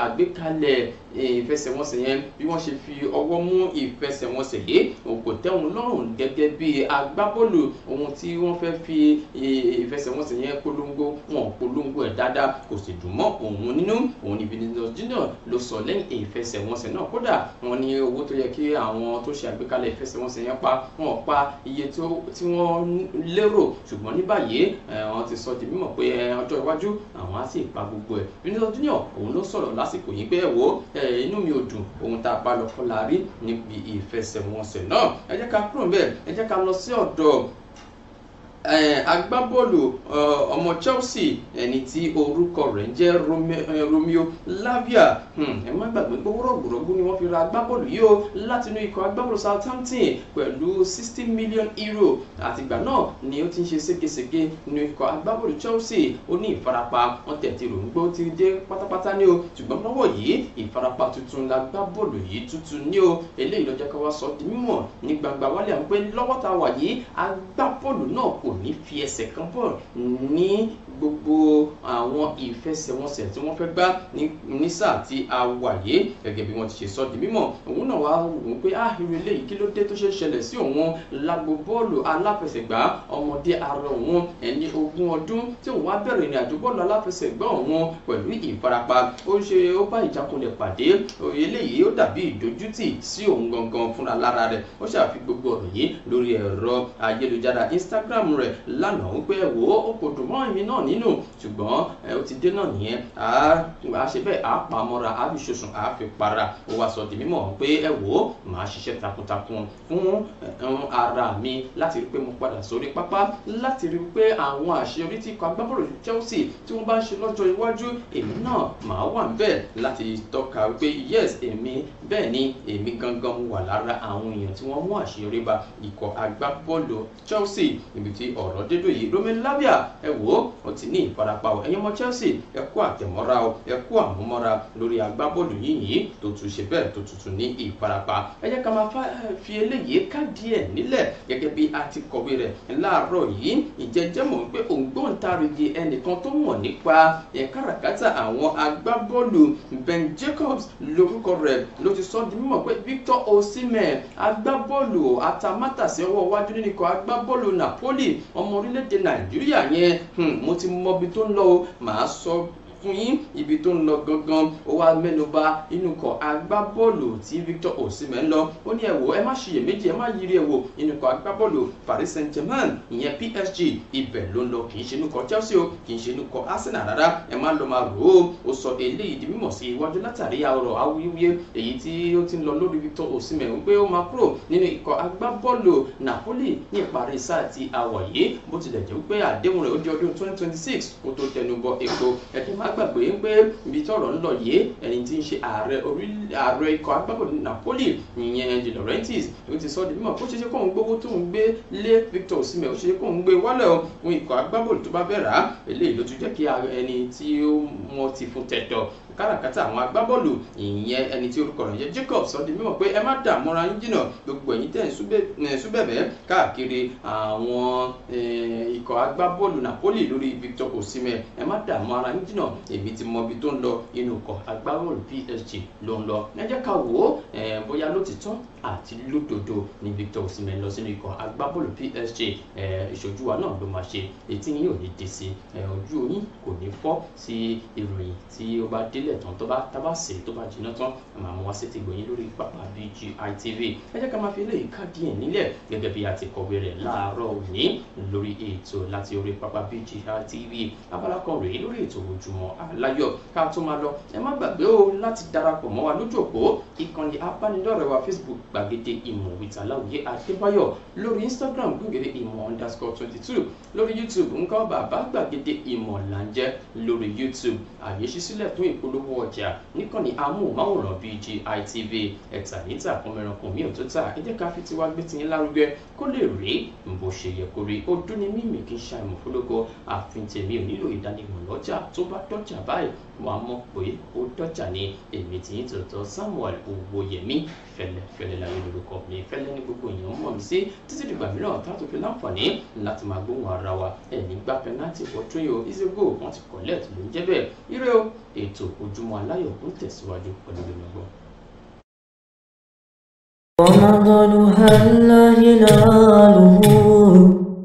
àgbékalẹ̀ eh, ìfẹsẹ̀wọnsẹ̀ yẹn bí wọ́n ṣe fi ọwọ́ mú ìfẹsẹ̀wọnsẹ̀ yìí kò tẹ́ wọn lọ́rùn gẹ́gẹ́ bí agbábọ́ọ̀lù ohun tí wọ́n fẹ́ fi eh, ìfẹsẹ̀wọnsẹ̀ yẹn polongo wọn polongo ẹ̀ dáadáa kò sì dùn mọ́ òun nínú òun ni Vinicius Junior ló sọ lẹ́yìn ìfẹsẹ̀wọnsẹ̀ náà kódà wọn ní owó tó yẹ kí àwọn tó ṣe àgbékalẹ̀ ìfẹsẹ̀wọnsẹ̀ yẹn pa wọn pa iye tí wọ́n lérò ṣùgbọ́n ní báyìí eh, wọ́n ti sọ di mímọ̀ pé ọjọ́ iwájú àwọn á sì pa gbogbo ẹ̀ rẹ̀ Ronaldinho òun ló sọ̀rọ̀ lásìkò yìí pé ẹ̀wọ́ inú mi ò dùn ohun tá a bá lọ kọ́ la rí níbi ìfẹsẹ̀wọnsẹ̀ náà ẹ jẹ́ ká kúrò ńbẹ̀ ẹ jẹ́ ká lọ sí ọ̀dọ̀ agbábọ́ọ̀lù ọmọ Chelsea ẹni tí orúkọ rẹ̀ ń jẹ́ Romeo Lavia hmm, ẹ má gbàgbé pé wúrọ̀gbùrọ̀gbù ni wọ́n fi ra agbábọ́ọ̀lù yìí o látinú ikọ̀ agbábọ́ọ̀lù Southampton pẹ̀lú sixty million euro àtìgbà náà ni ó ti ń ṣe ségesège nínú ikọ̀ agbábọ́ọ̀lù Chelsea ó ní ìfarapa wọn tẹ̀tí rò ti dé pátápátá ní o ṣùgbọ́n lọ́wọ́ yìí ìfarapa tuntun la agbábọ́ọ̀lù yìí tuntun ní o eléyìí ló jẹ́ ká wá sọ ni fiye se kanpɔ ni gbogbo àwọn ìfẹsẹ̀wọnsẹ̀ tí wọ́n fẹ́ gbá ní sáà tí a wà yìí gẹ́gẹ́ bí wọ́n ti ṣe sọ di mímọ̀ òun náà wá wò pé ah irú eléyìí kí ló dé tó ṣe ṣẹlẹ̀ sí òun lágbo bọ́ọ̀lù aláfẹsẹ̀gbá ọmọdé ara òun ẹni ogún ọdún tí òun wá bẹ̀rẹ̀ ìrìn àjò bọ́ọ̀lù aláfẹsẹ̀gbá òun pẹ̀lú ìfarapa ó ṣe ó bá ìjákulẹ̀ pàdé eléyìí ó dàbí ìdójútì sí òun gangan fúnra lára rẹ̀ ó ṣàfi gbogbo ọ̀rọ̀ yìí lórí ẹ̀rọ ayélujára Instagram rẹ̀ lánàá wípé wò ó kò dùn mọ́ èmi náà ní nínú ṣùgbọ́n ó ti dé náà nìyẹn a ṣe bẹ́ẹ̀ a pa mọ́ra a fi ṣoṣùn a fi para ó wá sọ di mímọ̀ pé ẹ wò ó màá ṣiṣẹ́ takuntakun fún ara mi láti rí pé mo padà sórí pápá láti rí pé àwọn àṣeyọrí tí ikọ̀ agbábọ́ọ̀lù Chelsea tí wọ́n bá ń ṣe lọ́jọ́ iwájú èmi náà màá wà níbẹ̀ láti tọ́ka pé yes èmi bẹ́ẹ̀ ni èmi gangan mo wà lára àwọn èèyàn tí wọ́n mú àṣeyọrí bá ikọ̀ agbábọ́ọ̀lù Chelsea ibi tí ọ̀rọ̀ dédò yìí Romelu Labia ẹ wò ó ti ní ìfarapa o ẹ̀yin ọmọ Chelsea ẹ kú àtẹ̀mọ́ra o ẹ kú àmúmọ́ra lórí agbábọ́ọ̀lù yìnyín tó tún ṣe bẹ́ẹ̀ tó tuntun ní ìfarapa ẹ jẹ́ ká máa fi eléyìí ká díẹ̀ nílẹ̀ gẹ́gẹ́ bí a ti kọ̀wé rẹ̀ láàárọ̀ yìí ìjẹ́jẹ́ mọ̀ pé òǹgbọ́ntarìgì ẹnìkan tó mọ̀ nípa káràkátà àwọn agbábọ́ọ̀lù Ben Jacobs lórúkọ rẹ̀ ló ti sọ di mímọ̀ pé Victor Osimhen agbábọ́ọ̀lù atamátàsí ọwọ́ iwájú nínú ikọ̀ agbábọ́ọ̀lù Napoli ọmọ orílẹ̀-èdè Nàìjíríà yẹn hmm, mo ti ti mọbi tó ń lọ o màá sọ fún yín ibi tó ń lọ gangan ó wá mẹ́nuba inú kọ̀ agbábọ́ọ̀lù tí Victor Osimhen lọ ó ní ẹ̀wò ẹ má ṣiyèméjì ẹ má yiri ẹ̀wò inú kọ̀ agbábọ́ọ̀lù Paris Saint-Germain ìyẹn PSG ibẹ̀ ló ń lọ kì í ṣe inú kọ̀ Chelsea o kì í ṣe inú kọ̀ Arsenal rárá ẹ má lọ máa rò ó ó sọ eléyìí di mímọ̀ sí iwájú látàrí ọ̀rọ̀ awuyewuye èyí tí ó ti ń lọ lórí Victor Osimhen wípé ó máa kúrò nínú ikọ̀ agbábọ́ọ̀lù Napoli ní ìparí sáà ti àwọ̀ yìí bó tilẹ̀ jẹ́ wípé àdéhùn rẹ̀ ó di ọdún 2026 kó tó tẹnubọ èkó ẹ̀dín má gbàgbé pé ibi tí ọ̀rọ̀ ń lọ yìí ẹni tí ń ṣe ààrẹ ikọ̀ agbábọ̀lù Napoli ìyẹn De Laurentiis ló ti sọ ọ́ di mímọ̀ ó ṣeéṣe kóun gbówó tóun gbé lé Victor Osimhen ó ṣeéṣe kóun gbé wálẹ̀ o ikọ̀ agbábọ̀lù tó bá fẹ́ á eléyìí ló tún jẹ́ kí ẹni tí ó mọ ti fún tẹ̀tọ̀ káràkátà àwọn agbábọ́ọ̀lù ìyẹn ẹni tí orúkọ rẹ̀ jẹ́ Jacob sọ di mímọ̀ pé ẹ má dààmúra yín jìnnà gbogbo ẹ̀yin tẹ̀ ń súbẹ̀bẹ̀ káàkiri àwọn ikọ̀ agbábọ́ọ̀lù Napoli lórí Victor Osimhen ẹ má dààmú ara yín jìnnà èmi ti mọ ibi tó ń lọ inú ikọ̀ agbábọ́ọ̀lù PSG ló ń lọ ẹ jẹ́ ká wò ó bóyá ló ti tán àti lódodo ni Victor Osimhen lọ sínú ikọ̀ agbábọ́ọ̀lù PSG ìṣojú wa náà ló máa ṣe etí yín ò ní dé sí ojú yín kò ní fọ́ sí ìròyìn tí ó bá délẹ̀ tán tó bá tábà sè tó bá jiná tán àmọ́ àwọn wá sí ti gbòyìn lórí pápá BGI TV ẹ jẹ́ ká máa fi eléyìí ká díẹ̀ nílẹ̀ gẹ́gẹ́ bí a ti kọ̀wé rẹ̀ láàárọ̀ òní lórí ètò láti orí pápá BGI TV abala kan rèé lórí ètò ojúmọ́ aláyọ̀ ká tó máa lọ ẹ má gbàgbé o láti darapọ̀ mọ́ wa lójú òpó ìkànnì abánidọ́rẹ̀ẹ́ wa Facebook gbàgede ìmọ̀ with aláwòye adébáyọ̀ lórí instagram gbàgede ìmọ̀ underscore twenty two lórí youtube ńkọ́ bàbá gbàgede ìmọ̀ là ń lórí youtube àyè ṣí sílẹ̀ fún ìpolówó ọjà níkànnì amóhùnmáwòrán BGI TV ẹ̀tà níta kan mẹ́ranko mi ò tó tà ẹ jẹ́ ká fi tiwa gbé tiyín lárugẹ kó lè rí bó ṣe yẹ kó rí ó dún ní mímì kí n ṣàìmọ̀ fólógo àfin tèmi ò nílò ìdánimọ̀ lọ́jà tó bá dọ́jà báyìí wàá mọ̀ pé ó dọ́jà ni èmi tiyín tòótọ́ Samuel Owóyẹmí fẹlẹfẹlẹ láyé lórúkọ mi fẹlẹ ní gbogbo èèyàn mọ̀ mí sí títí dìgbà mìíràn tá fi láǹfààní láti máa gbóhùn ara wa ẹ̀mí gbá pẹ́nátì fọ́tún yìí ó ìṣègùn wọn ti kọ̀lẹ́ẹ̀tì ló ń jẹ́ bẹ́ẹ̀ ire o ètò ojúmọ́ aláyọ̀ ń tẹ̀síwájú pẹ̀lú ìgbìmọ̀
رمضان هل هلاله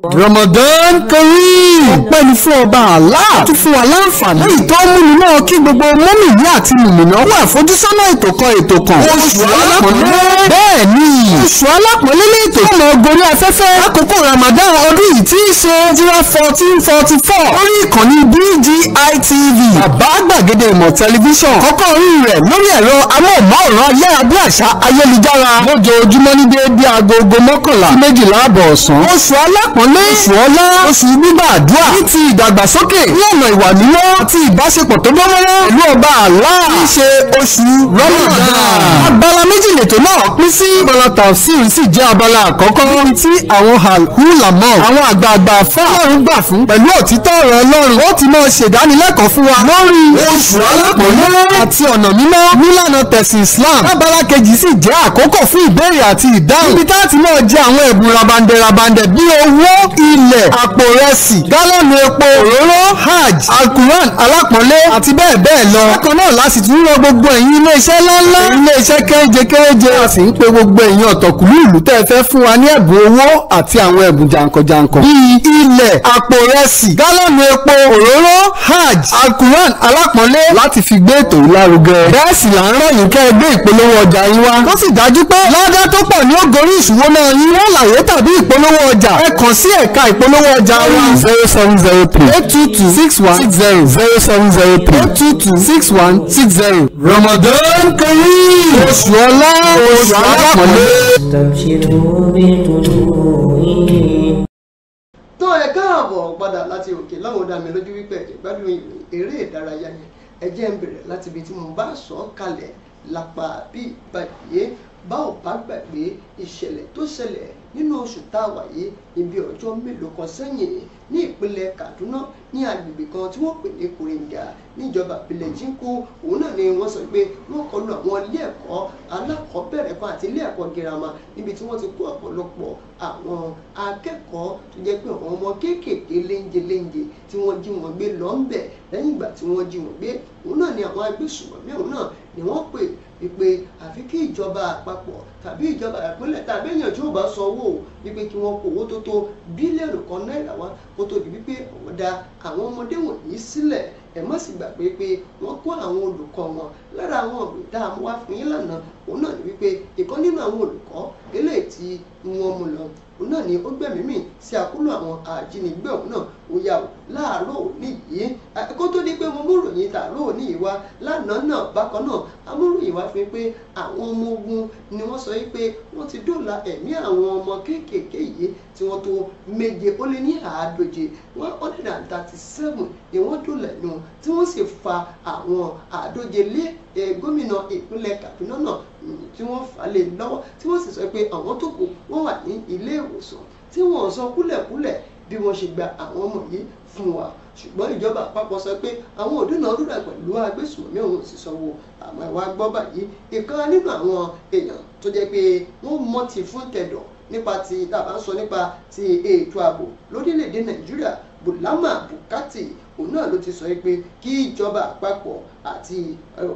Ramadan Kareem ọpẹ́ni fún ọba Allah tó fún wa láǹfààní. lẹ́yìn tó ń múni náà kí gbogbo mọ́mìnì àti mùmìnà wà àfojúsọ́nà ètò kan ètò kan. oṣù alápọ̀nlé bẹ́ẹ̀ ni oṣù alápọ̀nlé ní ètò kan ògòrí afẹ́fẹ́ àkókò Ramadan ọdún yìí tí í ṣe jíra fourteen forty four lórí ìkànnì BGI TV bàbá gbàgede ìmọ̀ tẹlifíṣàn kọ́kọ́ orí rẹ̀ lórí ẹ̀rọ amóhùnmáwòrán ayélujára ayélujára lójoojúmọ́ ní déédéé aago mọ́kànlá méjìlá àbọ̀ ọ̀sán oṣù alápọ̀nlé àpọ́nlé oṣù ọlá oṣù gbígbàdúrà ní ti ìdàgbàsókè lọ́nà ìwà níwọ́ àti ìbáṣepọ̀ tó dánmọ́rán pẹ̀lú ọba àlá kì í ṣe oṣù Ramadan. abala méjì lètò náà pín sí abala tafsir sì jẹ́ abala àkọ́kọ́ níbi tí àwọn hàlùlámọ̀ àwọn àgbààgbà fún ọlọ́run gbà fún pẹ̀lú òtítọ́ ọ̀rọ̀ ọlọ́run ó ti máa ṣèdánilẹ́kọ̀ọ́ fún wa lórí oṣù alápọ̀nlé àti ọ̀nà mímọ́ Islam abala kejì sì jẹ́ àkókò fún ìbéèrè àti ìdáhùn níbi tá a ti máa jẹ ilẹ̀ àpò rẹsì gálọ́ọ̀nù epo òróró hajj alkuran alápọ̀nlé àti bẹ́ẹ̀ bẹ́ẹ̀ lọ. bákan náà la sì tún rọ gbogbo ẹ̀yin ilé iṣẹ́ ńláńlá ilé iṣẹ́ kéréje kéréje a sì ń pe gbogbo ẹ̀yin ọ̀tọ̀kùlú ìlú tẹ́ ẹ fẹ́ fún wa ní ẹ̀bùn owó àti àwọn ẹ̀bùn jàǹkànjàǹkàn. bíi ilẹ̀ àpò rẹsì gálọ́ọ̀nù epo òróró hajj alkuran alápọ̀nlé láti fi gbé ètò lárugẹ. bẹ́ẹ̀ sì sí ẹ̀ka ìpolówó ọjà wa zero seven zero three eight two two six one six zero zero seven zero three eight two two six one six zero. Ramadan Kareem oṣù ọlá oṣù alápọ̀lẹ́.
tó ẹ káàbọ̀ padà láti òkè láwọn ọ̀dà mi lójú wípé ẹ̀jẹ̀ gbádùn eré ìdárayá yẹn ẹ jẹ́ ń bẹ̀rẹ̀ láti ibi tí mo bá sọ ọ́ kalẹ̀ lápá bí ìbàjẹ́ bá ò bá gbàgbé ìṣẹ̀lẹ̀ tó ṣẹlẹ̀ nínú oṣù tá a wà yìí ibi ọjọ́ mélòó kan sẹ́yìn ní ìpínlẹ̀ Kaduna ní agbègbè kan tí wọ́n pè ní Kuringa níjọba ìpínlẹ̀ Jinku òun náà ni wọ́n sọ pé wọ́n kọlu àwọn ilé ẹ̀kọ́ alákọ̀ọ́bẹ̀rẹ̀ kan àti ilé ẹ̀kọ́ girama níbi tí wọ́n ti kó ọ̀pọ̀lọpọ̀ àwọn akẹ́kọ̀ọ́ tó jẹ́ pé àwọn ọmọ kéékèèké léńje léńje tí wọ́n jí wọn gbé lọ́ńbẹ̀ lẹ́yìn ìgbà tí wọ́n jí wọn gbé òun náà ni àwọn agbésùnmọ̀mí òun náà ni wọ́n pè wípé àfi kí ìjọba àpapọ̀ tàbí ìjọba ìpínlẹ̀ tàbí èèyàn tí ò bá sanwó wípé kí wọ́n kó owó tó tó bílíọ̀nù kan náírà wá kó tó di wípé àwọn da àwọn ọmọdé wọ̀nyí sílẹ̀ ẹ má sì gbàgbé pé wọ́n kó àwọn olùkọ́ wọn lára àwọn ọ̀gbìn tá a mú wá fún yín lánàá òun náà ni wípé ìkan nínú àwọn olùkọ́ eléyìí tí wọ́n mú lọ òun náà ni ó gbẹ̀mí mì sí àkúlù àwọn àjínigbé òun náà ó yà ó láàárọ̀ òní yìí kó tó di pé mo múròyìn tààrọ̀ òní yìí wá lánàá náà bákan náà amúròyìn wá fi pé àwọn ọmọ ogun ni wọ́n sọ pé wọ́n ti dóòlà ẹ̀mí àwọn ọmọ kéékèèké yìí tí wọ́n tó méje ó lé ní àádóje one hundred and thirty seven ni wọ́n dóòlà ẹ̀mí wọn tí wọ́n sì fa àwọn àádóje lé gómìnà ìpínlẹ̀ Kaduna náà tí wọ́n fà lé lọ́wọ́ tí wọ́n sì sọ pé àwọn tó kù wọ́n wà ní ilé ìwòsàn tí wọ́n sọ kúlẹ̀kúlẹ̀ bí wọ́n ṣe gba àwọn ọmọ yìí fún wa ṣùgbọ́n ìjọba àpapọ̀ sọ pé àwọn òdúnàádúrà pẹ̀lú agbésùnmí òun sì sanwó àmọ́ ìwà gbọ́ báyìí ìkan nínú àwọn èèyàn tó jẹ́ pé wọ́n mọ́tì fún tẹ̀dọ̀ nípa ti tàbá ń sọ nípa ti ètò ààbò lórílẹ̀‐èdè nàìjíríà bùlámà bùkátì òun náà ló ti sọ pé kí ìjọba àpapọ̀ àti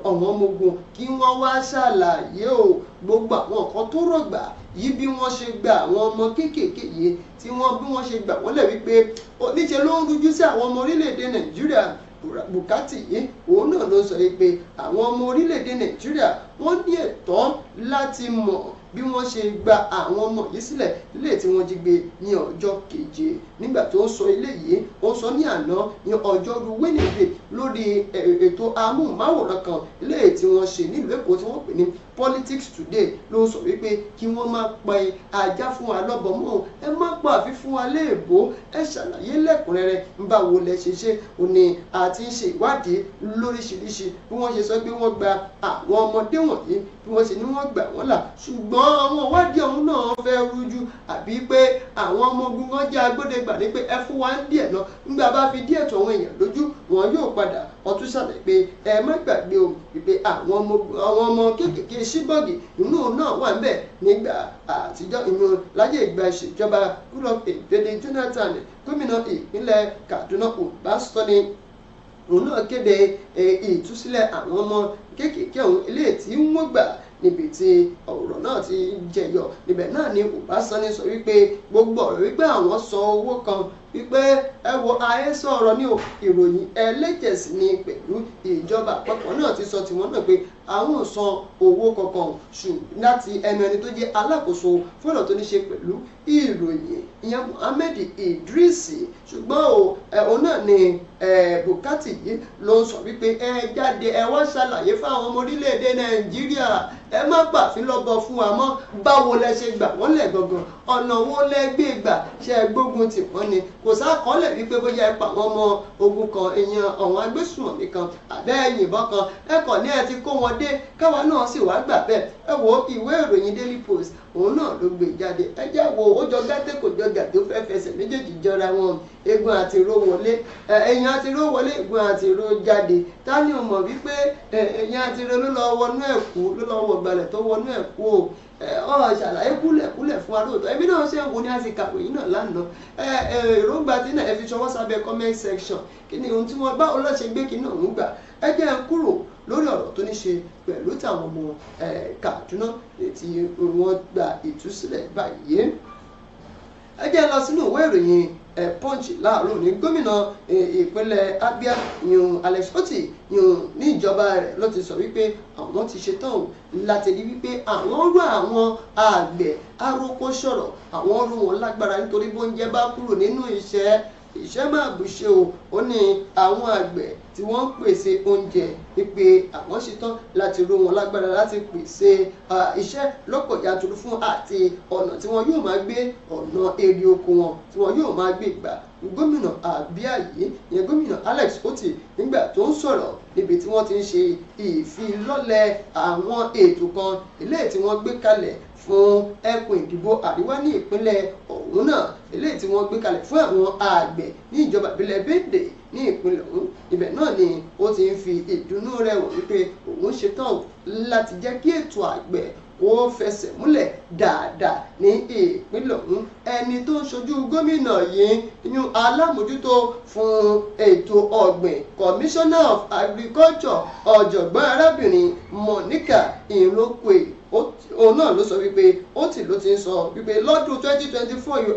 ọ̀wọ́n ọmọ ogun kí wọ́n wá ṣàlàyé o gbogbo àwọn nǹkan tó rọ̀gbà yìí bí wọ́n ṣe gba àwọn ọmọ kéékèèké yìí tí wọ́n bí wọ́n ṣe gbà wọ́n lẹ̀ wípé níṣẹ́ ló ń rújú sí àwọn ọmọ orílẹ̀-èdè nàìjíríà bùkátì yìí òun náà ló sọ pé àwọn ọmọ orílẹ̀-èdè nàìjíríà wọ́n ní ẹ̀tọ́ láti mọ̀ bí wọ́n ṣe gba àwọn ọmọ yìí sílẹ̀ nílé tí wọ́n jí gbé ní ọjọ́ keje nígbà tó ń sọ ilé yìí ó sọ ní àná ní ọjọ́rú Wednesday lórí ètò amóhùnmáwòrán kan ilé tí wọ́n ṣe nílùú Èkó tí wọ́n pè ní politics today ló sọ wípé kí wọ́n má pa ẹ ajá fún wa lọ́bọ̀ mọ́ ẹ má pa àfi fún wa léèbó ẹ ṣàlàyé lẹ́kùnrẹ́rẹ́ báwo lẹ ṣe ṣe òní àti ṣe ìwádìí lóríṣiríṣi bí wọ́n ṣe sọ pé wọ́n gba àwọn ọmọdé wọ̀nyí bí wọ́n ṣe ní wọ́n gbà wọ́n là ṣùgbọ́n àwọn ìwádìí ọ̀hún náà fẹ́ rújú àbí pé àwọn ọmọ ogun kan jẹ́ agbódegbà ní pé ẹ fún wa ń díẹ̀ lọ nígbà bá fi díẹ̀ tó àwọn èèyàn lójú wọn yóò padà ọtún ṣàlẹ̀ pé ẹ má gbàgbé o pé àwọn ọmọ kéékèèké bíi ṣíbọ̀gì inú náà wà ńbẹ̀ nígbà àtijọ́ inú láyé ìgbà ìṣèjọba goodluck ebele jonathan gómìnà ìpínlẹ̀ kaduna ọbásọ́ni òun náà kéde e, ìtúsílẹ̀ àwọn ọmọ kéékèèké ọ̀hún eléyìí tí wọ́n gbà níbi tí ọ̀rọ̀ náà ti jẹyọ níbẹ̀ náà ni ọbásọ́ni sọ wípé gbogbo ọ̀rọ̀ wípé àwọn sọ owó kan wípé ẹ wo ayé sọ̀rọ̀ ní ìròyìn ẹlẹ́jẹ̀sì ni pẹ̀lú ìjọba àpapọ̀ náà ti sọ tiwọn náà pé àwọn ò san owó kankan ṣù láti ẹnu ẹni tó jẹ́ alákòóso fọ́nà tó ní ṣe pẹ̀lú ìròyìn ìyẹn Muhammed Idrisi ṣùgbọ́n o òun náà ni Bukati yìí ló ń sọ wípé ẹ jáde ẹ wá ṣàlàyé fáwọn ọmọ orílẹ̀-èdè Nàìjíríà ẹ má gbàfin lọ́gọ fún wa mọ́ báwo lẹ ṣe gbà wọ́n lẹ̀ gangan ọ̀nà wo lẹ gbé gbà ṣe gbógun tì wọ́n ni kò sákọọ́lẹ̀ wípé bóyá ẹ pa àwọn ọmọ ogun kan èèyàn àwọn agbésùmọ̀mí kan àbẹ́ ẹ̀yìnbọn kan ẹ̀kọ́ ní ẹ ti kó wọn dé káwa náà sì wá gbà bẹ́ẹ̀ ẹ wo ìwé ìròyìn daily post òun náà ló gbé e jáde ẹ jẹ́ wo ó jọ kò jọ méjèèjì jọra wọn egun àti wọlé ẹ̀yìn àti wọlé egun ọ ṣàlàyé kúlẹ̀kúlẹ̀ fún wa lóòótọ́ èmi náà ṣe ń wo ní àṣekàwé yìí náà lánàá ẹ èròǹgbà tí náà ẹ fi ṣọwọ́ sábẹ́ comment section kí ni ohun tí wọ́n bá ọlọ́ṣẹ́ gbé kí náà ń gbà ẹ jẹ́ ń kúrò lórí ọ̀rọ̀ tó ní ṣe pẹ̀lú tàwọn ọmọ Kaduna tí wọ́n gba ìtúsílẹ̀ báyìí ẹ jẹ́ lọ sínú ìwé ìròyìn ẹ punch láàárọ̀ ní gómìnà ìpínlẹ̀ Abia yun Alex Otti yun níjọba rẹ̀ ló ti sọ wípé àwọn ti ṣetán láti rí wípé àwọn rú àwọn àgbẹ̀ aróko sọ̀rọ̀ àwọn rú wọn lágbára nítorí bóúnjẹ bá kúrò nínú iṣẹ́ iṣẹ́ máa bùṣe o ó ní àwọn àgbẹ̀ tí wọ́n ń pèsè oúnjẹ ìpè àwọn ṣetán láti ró wọn lágbára láti pèsè iṣẹ́ lọ́pọ̀ yanturu fún àti ọ̀nà tí wọ́n yóò máa gbé ọ̀nà èrè oko wọn tí wọ́n yóò máa gbé gbà gómìnà àbíà ìyẹn gómìnà Alex Otti nígbà tó ń sọ̀rọ̀ níbi tí wọ́n ti ń ṣe ìfilọ́lẹ̀ àwọn ètò kan eléyìí tí wọ́n gbé kalẹ̀ fún ẹkùn ìdìbò àríwá ní ìpínlẹ̀ ọ̀hún náà eléyìí tí wọ́n gbé kalẹ̀ fún àwọn àgbẹ̀ ní ìjọba ìbílẹ̀ Bẹ́ndẹ̀ ní ìpínlẹ̀ ọ̀hún ibẹ̀ náà ni ó ti ń fi ìdùnnú rẹ̀ wọ̀ wípé òun ṣetán láti jẹ́ kí ètò àgbẹ̀ kó fẹsẹ̀ múlẹ̀ dáadáa ní ìpínlẹ̀ ọ̀hún ẹni tó ń ṣojú gómìnà yìí yún alámòjútó fún ètò ọ̀gbìn commissioner of agriculture ọ̀jọ̀gbọ́n arábìnrin monica irokwe òun náà ló sọ wípé ó ti ló ti ń sọ wípé lọ́dún twenty twenty four yóò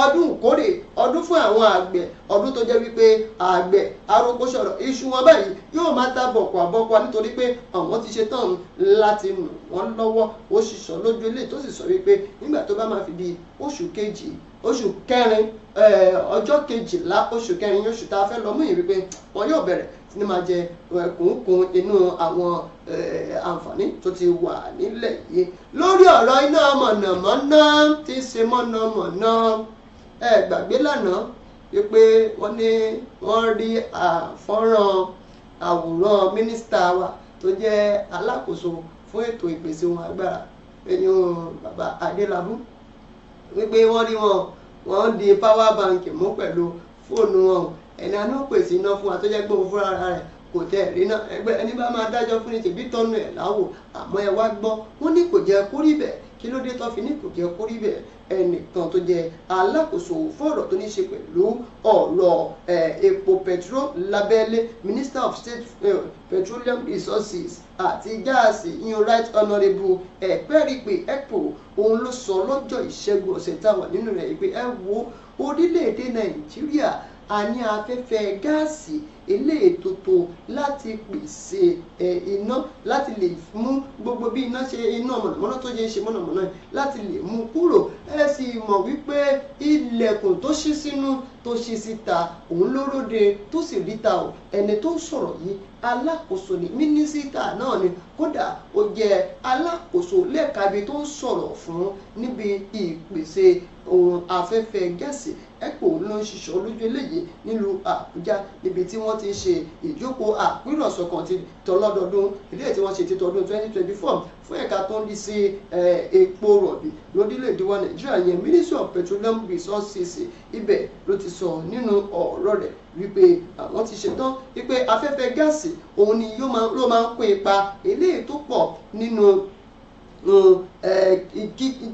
ọdún ìkórè ọdún fún àwọn àgbẹ̀ ọdún tó jẹ́ wípé àgbẹ̀ aróko sọ̀rọ̀ iṣu wọn báyìí yóò máa ta bọ̀kọ̀ àbọ̀kọ̀ nítorí pé àwọn ti ṣe tán láti mú wọn lọ́wọ́ ó sì sọ lójú ilé tó sì sọ wípé nígbà tó bá máa fi di oṣù kejì oṣù kẹrin ọjọ́ kejìlá oṣù kẹrin oṣù tá a fẹ́ lọ mú yìí wípé wọn yóò bẹ̀rẹ̀ ní máa jẹ kùnkùn inú àwọn àǹfààní tó ti wà nílẹ̀ yìí lórí ọ̀rọ̀ iná mọ̀nàmọ́ná ti ṣe mọ̀nàmọ́ná ẹ gbàgbé lánàá wípé wọ́n ní wọ́n rí fọ́nrán àwòrán mínísítà wa tó jẹ́ alákòóso fún ètò ìpèsè ohun agbára ẹ̀yìn bàbá adélábù wípé wọ́n rí wọn wọ́n di power bank mú pẹ̀lú fóònù wọn ẹni àná pèsè iná fún wa tó jẹ́ pé òun fúnra rẹ̀ kò tẹ̀ rí náà ẹgbẹ́ ẹni bá máa dájọ́ fún ní tìbí tọ́nu ẹ̀ láwò àmọ́ ẹ wá gbọ́ wọ́n ní kò jẹ́ kórìbẹ̀ kí ló dé tó fi ní kò jẹ́ kó rí bẹ́ẹ̀ ẹnìkan tó jẹ́ alákòóso fún tó ní ṣe pẹ̀lú ọ̀rọ̀ epo petrol lábẹ́lé minister of state uh, petroleum resources àti gáàsì yín right honourable ẹ̀pẹ́rìpé epo òun ló sọ lọ́jọ́ ìṣẹ́gun ọ̀sẹ̀ táwọn nínú rẹ̀ pé ẹ wo orílẹ̀-èdè nàìjíríà a ní afẹ́fẹ́ gáàsì eléyìí tó tó láti pèsè iná láti lè mú gbogbo bí iná ṣe iná mọ̀nàmọ́ná tó ṣe é ṣe mọ̀nàmọ́ná láti lè mú kúrò ẹ sì mọ̀ wípé ilẹ̀kùn tó ṣí sínú tó ṣí síta òun ló tó sì ríta o ẹni tó sọ̀rọ̀ yìí alákòóso ni mínísítà náà ni kódà ó jẹ́ alákòóso lẹ́ka ibi tó ń sọ̀rọ̀ fún níbi ìpèsè ohun afẹ́fẹ́ gẹ̀ẹ́sì eco ló ń ṣiṣọ́ lójú eléyìí nílùú àbújá níbi tí wọ́n ti ń ṣe ìjókòó àpérọ̀sọ kan ti tọlọ́dọọdún ilé tí wọ́n ṣe ti tọdún 2024 fún ẹ̀ka tó ń di sí epo rọ̀bì lórílẹ̀‐èdè wa nàìjíríà yẹn ministry of petroleum resources ibẹ̀ ló ti sọ nínú ọ̀rọ̀ rẹ̀ wípé àwọn ti ṣetán wípé afẹ́fẹ́ gáàsì òun ni yóò máa ń kó ipa eléyìí tó pọ̀ nínú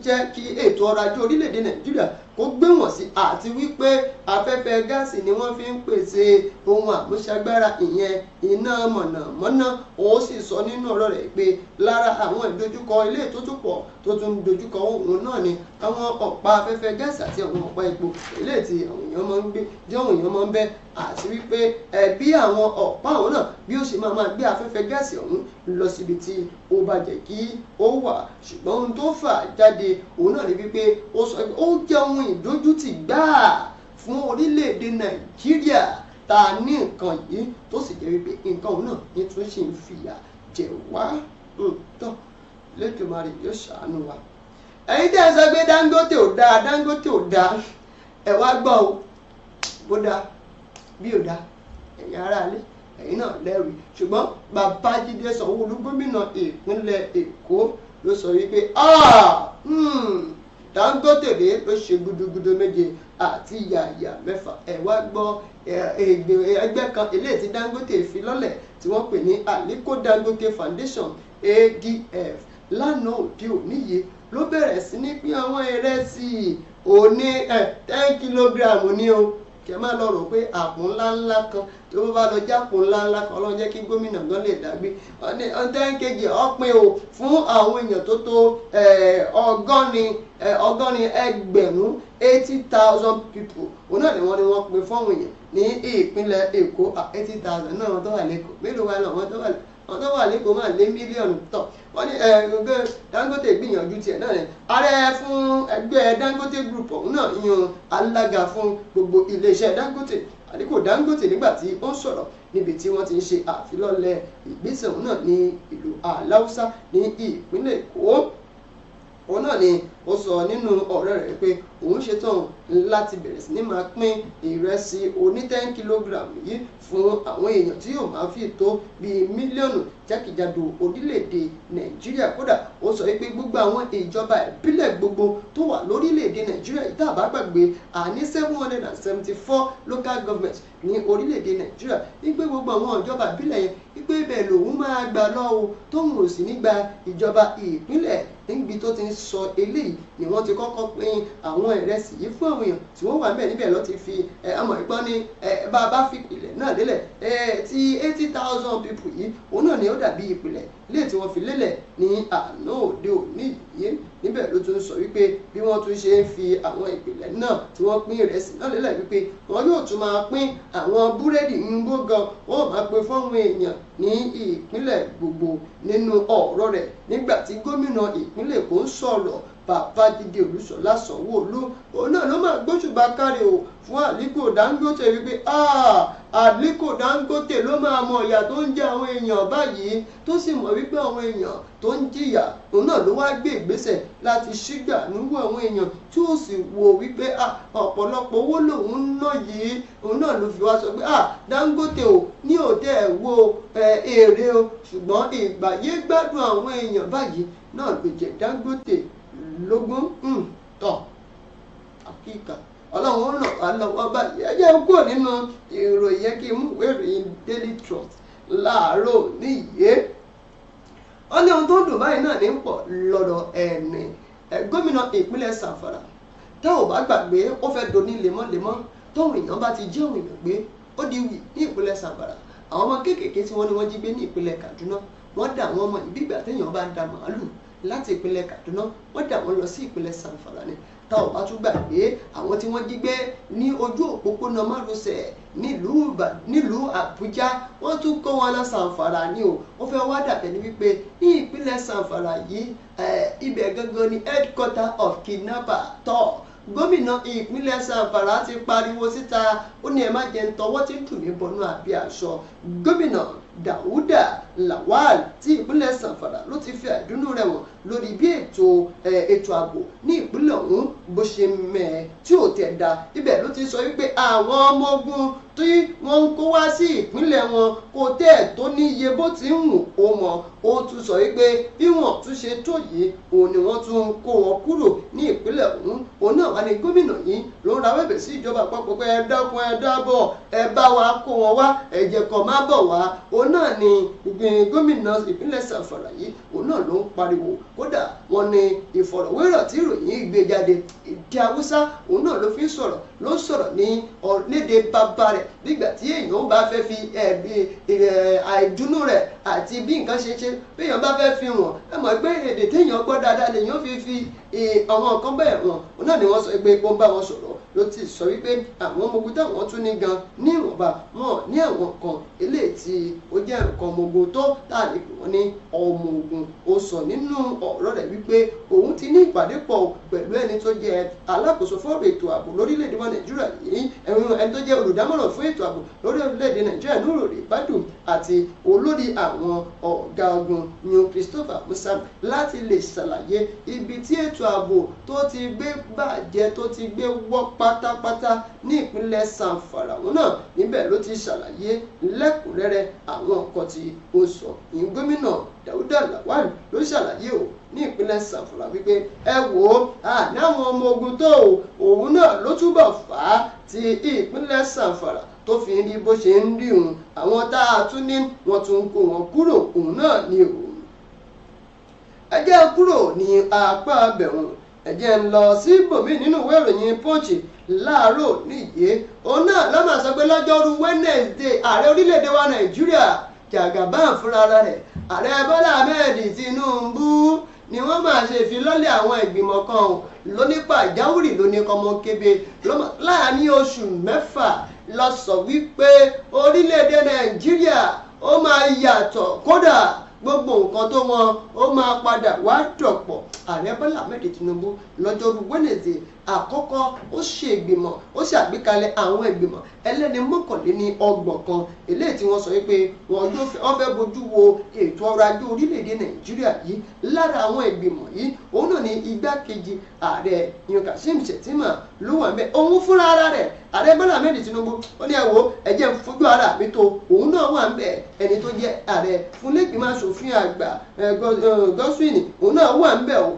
jẹ́ kí ètò ọrọ̀ ajé orílẹ̀-èdè nàìjíríà ó gbé wọn sí àti wípé afẹ́fẹ́ gáàsì ni wọ́n fi ń pèsè ohun àmúṣagbára ìyẹn iná mọ̀nàmọ́ná ó sì sọ nínú ọ̀rọ̀ rẹ̀ pé lára àwọn ìdojúkọ ilé tó tó tún dojúkọ òun náà ni àwọn ọ̀pá afẹ́fẹ́ gáàsì àti àwọn ọ̀pá epo ilé tí àwọn èèyàn máa ń gbé jẹ́ àwọn èèyàn máa ń bẹ́ àti wípé ẹbí àwọn ọ̀pá òun náà bí ó ṣe máa máa gbé afẹ́fẹ́ gáàsì ọ̀hún lọ síbi tí ó bá jẹ́ kí ó wà ṣùgbọ́n ohun tó fà jáde òun náà ni wípé ó jẹ́ ohun ìdójútì gbáà fún orílẹ̀-èdè nàìjíríà tá ní nǹkan yìí tó sì jẹ́ wípé nǹkan òun náà ní tún ṣì ń fìyà jẹ wá hmm, tán lẹ́dùnmarè yóò ṣàánú wa. ẹ̀yin tẹ́ ẹ sọ pé dangote ò dáa dangote ò dáa ẹ̀ wá gbọ́ o bó dáa bí ò dáa ẹ̀yin aráalé ẹ̀yin náà lẹ́rù ṣùgbọ́n Babájídé Sanwó-Olú gómìnà ìpínlẹ̀ Èkó ló sọ wípé ah. Hmm. Dangote rèé ló ṣe gudugudu méje àti yàyà mẹ́fà ẹ wá gbọ́ ẹgbẹ́ kan eléyìí tí Dangote fi lọ́lẹ̀ tí wọ́n pè ní Aliko Dangote Foundation ADF lánàá òde òní yìí ló bẹ̀rẹ̀ sí ní pín àwọn ìrẹsì òní ten kilogram ní o kí ẹ má lọ rò pé àpò ńláńlá kan tó bá lọ jápò ńláńlá kan ọlọ́run jẹ́ kí gómìnà gan lè dàgbé ọ̀tẹ́ńkejì ọ̀pin o fún àwọn èèyàn tó tó ọgọ́ni ẹgbẹ̀rún eighty thousand people òun náà ni wọ́n ni wọ́n pin fọ́ọ̀mù yẹn ní ìpínlẹ̀ èkó eighty thousand náà wọ́n tó wà lẹ́kọ̀ọ́ mélòó wà náà tó wà lẹ́kọ̀ọ́ wọn tó wà lẹ́kọ̀ọ́ máa lé mílíọ̀nù tọ̀ wọ́n ní ẹgbẹ́ Dangote gbìyànjú tiẹ̀ náà rẹ̀ ààrẹ fún ẹgbẹ́ Dangote group ọ̀hún náà yan alága fún gbogbo iléeṣẹ́ Dangote Aliko Dangote nígbà tí ó ń sọ̀rọ̀ níbi tí wọ́n ti ń ṣe àfilọ́lẹ̀ ìgbésẹ̀ ọ̀hún náà ní ìlú aláùsá ní ìpínlẹ̀ Èkó òun náà ni ó sọ nínú ọ̀rẹ́ rẹ̀ pé òun ṣetán láti bẹ̀rẹ̀ sí ní máa pín ìrẹsì oní ten kilogram yìí fún àwọn èèyàn tí yóò máa fi tó bíi mílíọ̀nù jákèjádò orílẹ̀-èdè nàìjíríà kódà ó sọ pé gbogbo àwọn ìjọba ìbílẹ̀ gbogbo tó wà lórílẹ̀-èdè nàìjíríà yìí tá a bá gbàgbé àní seven hundred and seventy four local governments ní orílẹ̀-èdè nàìjíríà ní pé gbogbo àwọn ìjọba ìbílẹ̀ yẹn wípé ibẹ̀ lòun máa gbà lọ́wọ́ tóun ò sì ní gba ìjọba ìpínlẹ̀ níbi tó ti ń sọ eléyìí ni wọ́n ti kọ́kọ́ pín àwọn ìrẹsì yìí fún àwọn èèyàn tí wọ́n wà níbẹ̀ níbẹ̀ lọ́ ti fi ọmọ ìgbọ́ ní bá a bá fi ìpìlẹ̀ náà lélẹ̀ tí eighty thousand people yìí òun náà ni ó dàbí ìpìlẹ̀ ilé tí wọ́n fi lélẹ̀ ní àná òde òní yìí níbẹ̀ ló tún sọ wípé bí wọ́n tún ṣe ń fi àwọn ìpìlẹ̀ náà tí wọ́n pín ìrẹsì náà lélẹ̀ wípé wọn yóò tún máa pín àwọn búrẹ́dì ńgbó gan wọn máa pe fọ́nrún èèyàn ní ìpínlẹ̀ gbogbo nínú ọ̀rọ̀ rẹ̀ nígbà tí gómìnà ìpínlẹ̀ Èkó ń sọ̀rọ̀ babájídé olúṣọlá sanwóolu òun náà ló máa gbóṣùbà káre o fún àlíkò dangote wípé àlíkò dangote ló máa mọ ìyà tó ń jẹ àwọn èèyàn báyìí tó sì mọ wípé àwọn èèyàn tó ń jìyà òun náà ló wá gbé ìgbésẹ̀ láti ṣígbà nínú àwọn èèyàn tí ó sì wo wípé ọ̀pọ̀lọpọ̀ owó lòun ń ná yìí òun náà ló fi wá sọ pé dangote o ní òde ẹ̀ wo èrè o ṣùgbọ́n ìgbàyé gbádùn àwọn èèyàn báyìí náà ló jẹ́ dangote lógún hmm, tọ̀ àkíkà ọlọ́run ó ràn wá lọ́wọ́ báyìí ẹ jẹ́ kúrò nínú ìròyìn yẹn kí n mú ìròyìn Daily Trust láàárọ̀ níyìí ó ní ohun tó ń dùn báyìí náà ní pọ̀ lọ́dọ̀ ẹ̀mí gómìnà ìpínlẹ̀ Sàfàrà tá ò bá gbàgbé ó fẹ́ doni lemọ́lemọ́ tóun èèyàn bá ti jẹ́ òun èèyàn gbé ó di wì ní ìpínlẹ̀ Sàfàrà àwọn ọmọ kéékèèké tí wọ́n ní wọ́n jí gbé ní ìpínlẹ̀ Kaduna wọ́n dà wọ́n mọ̀ ìdígbà téèyàn bá da màálù láti ìpínlẹ̀ Kaduna wọ́n dà wọ́n lọ sí ìpínlẹ̀ Sanfàlàní tá ò bá tún gbàgbé àwọn tí wọ́n jí gbé ní ojú òpópónà márosẹ̀ nílùú Àbújá wọ́n tún kó wọn lọ Sanfàlàní o wọ́n fẹ́ wá dàbẹ̀ ní wípé ní ìpínlẹ̀ Sanfàlà yìí eh, ibẹ̀ gangan ni headquarter of kidnapper tọ́ gómìnà ìpínlẹ̀ Sanfàlà ti pariwo síta ó ní ẹ má jẹ́ ń tọwọ́ tí ń tù mí bọnú àbí aṣọ gómìnà Dàúdà Lawal ti ìpínlẹ̀ Sanfara ló ti fi àìdùnnú rẹ̀ wọ̀n lórí bí ètò ètò ààbò ní ìpínlẹ̀ ọ̀hún bó ṣe mẹ́ẹ̀ tí ò tẹ̀ da ibẹ̀ ló ti sọ wípé àwọn ọmọ ogun tí wọ́n ń kó wá sí ìpínlẹ̀ wọn kò tẹ̀ tó ní iye bó ti ń wù ó mọ̀ ó tún sọ wípé bí wọ́n tún ṣe tó yìí òun ni wọ́n tún kó wọn kúrò ní ìpínlẹ̀ ọ̀hún òun náà wà ní gómìnà yìí ló ń rawọ́ ẹ̀bẹ̀ sí ìjọba àpapọ̀ pé ẹ dákun ẹ dábọ̀ ẹ bá wa kó wọn wá ẹ jẹ́ kó máa bọ̀ wá òun náà ni gómìnà ìpínlẹ̀ Zamfara yìí òun náà ló ń pariwo kódà wọ́n ní ìfọ̀rọ̀wérọ̀ tí ìròyìn gbé jáde ìdí haúsá òun náà ló fi sọ̀rọ̀ ló sọ̀rọ̀ ní lédè bàbá rẹ̀ nígbà tí èèyàn bá fẹ́ fi àìdùnnú rẹ̀ àti bí nǹkan ṣe ṣe bí èèyàn bá fẹ́ fi wọ̀n ẹ mọ̀ pé èdè téèyàn gbọ́ dáadáa lèèyàn fi fi àwọn nǹkan bẹ́ẹ̀ wọ̀n òun náà ni wọ́n sọ pé ó ń bá wọn sọ̀rọ̀ ló ti sọ wípé àwọn ọmọ ogun táwọn tún ní gan ní ìwọ̀nba wọn ní àwọn kan eléyìí tí ó jẹ́ nǹkan ọmọ ogun tó tàbí wọn ní ọmọ ogun ó sọ nínú ọ̀rọ̀ rẹ̀ wípé òun ti ní ìpàdé pọ̀ pẹ̀lú ẹni tó jẹ́ alákòóso fọ́ọ̀rù ètò ààbò lórílẹ̀‐èdè wa nàìjíríà yìí ẹ̀wọ̀n ẹni tó jẹ́ olùdámọ̀ràn fún ètò ààbò lórílẹ̀‐èdè nàìjíríà nuru ribadu àti olórí àwọn ọ̀gá ogun new christopher musa láti lè ṣàlàyé ibi tí ètò ààbò tó ti gbé bàjẹ́ tó ti gbé wọ́pá pátápátá ní ìpínlẹ̀ sanfara òun náà níbẹ̀ ló ti ṣàlàyé lẹ́kùnrẹ́rẹ́ àwọn nǹkan tí ó sọ ní gómìnà Dáúdà Lawal ló ṣàlàyé o ní ìpínlẹ̀ sanfara wípé ẹ wò ó àní àwọn ọmọ ogun tó òun náà ló túbọ̀ fà á ti ìpínlẹ̀ sanfara tó fi ń rí bó ṣe ń rí òun àwọn tá a tún ní wọ́n tún kó wọn kúrò òun náà ni òun ẹ jẹ́ kúrò ní apá abẹ̀wọ̀n ẹ̀jẹ̀ ń lọ sí ibòmí nínú ìwé ìròyìn Punch láàárọ̀ níyé òun náà ló máa sọ pé lọ́jọ́rú Wednesday ààrẹ orílẹ̀-èdè wa Nàìjíríà Jagaban fúnra rẹ̀ ààrẹ Bọ́lá Ahmed Tinubu ni wọ́n máa ṣe ìfilọ́lẹ̀ àwọn ìgbìmọ̀ kan o lónípa ìjáwùrì lóníkọmọ kébé láàárín oṣù mẹ́fà ló sọ wípé orílẹ̀-èdè Nàìjíríà ó máa yàtọ̀ kódà gbogbo nǹkan tó wọn ó máa padà wá dọ̀pọ̀ ààrẹ bọ́lá ahmed tinubu lọ́jọ́rú wẹ́nẹ̀dẹ̀ àkọ́kọ́ ó ṣe ìgbìmọ̀ ó ṣe àgbékalẹ̀ àwọn ìgbìmọ̀ ẹlẹ́ni mọ́kànléní ọgbọ̀n kan eléyìí tí wọ́n sọ wípé wọ́n fẹ́ bójú wo ètò ọrọ̀ ajé orílẹ̀-èdè nàìjíríà yìí lára àwọn ìgbìmọ̀ yìí òun náà ni igbákejì ààrẹ yan kazeem shettima ló wà bẹ́ẹ̀ òun fúnra ara rẹ̀ ààrẹ bọ́lá ahmed tinubu ó ní ẹ wo ẹ jẹ́ fojú ara mi tó òun náà wà bẹ́ẹ̀ ẹni tó jẹ́ ààrẹ fúnlẹ́gbìmọ̀ asòfin àgbà gọ́sùn òun náà wà bẹ́ẹ̀ o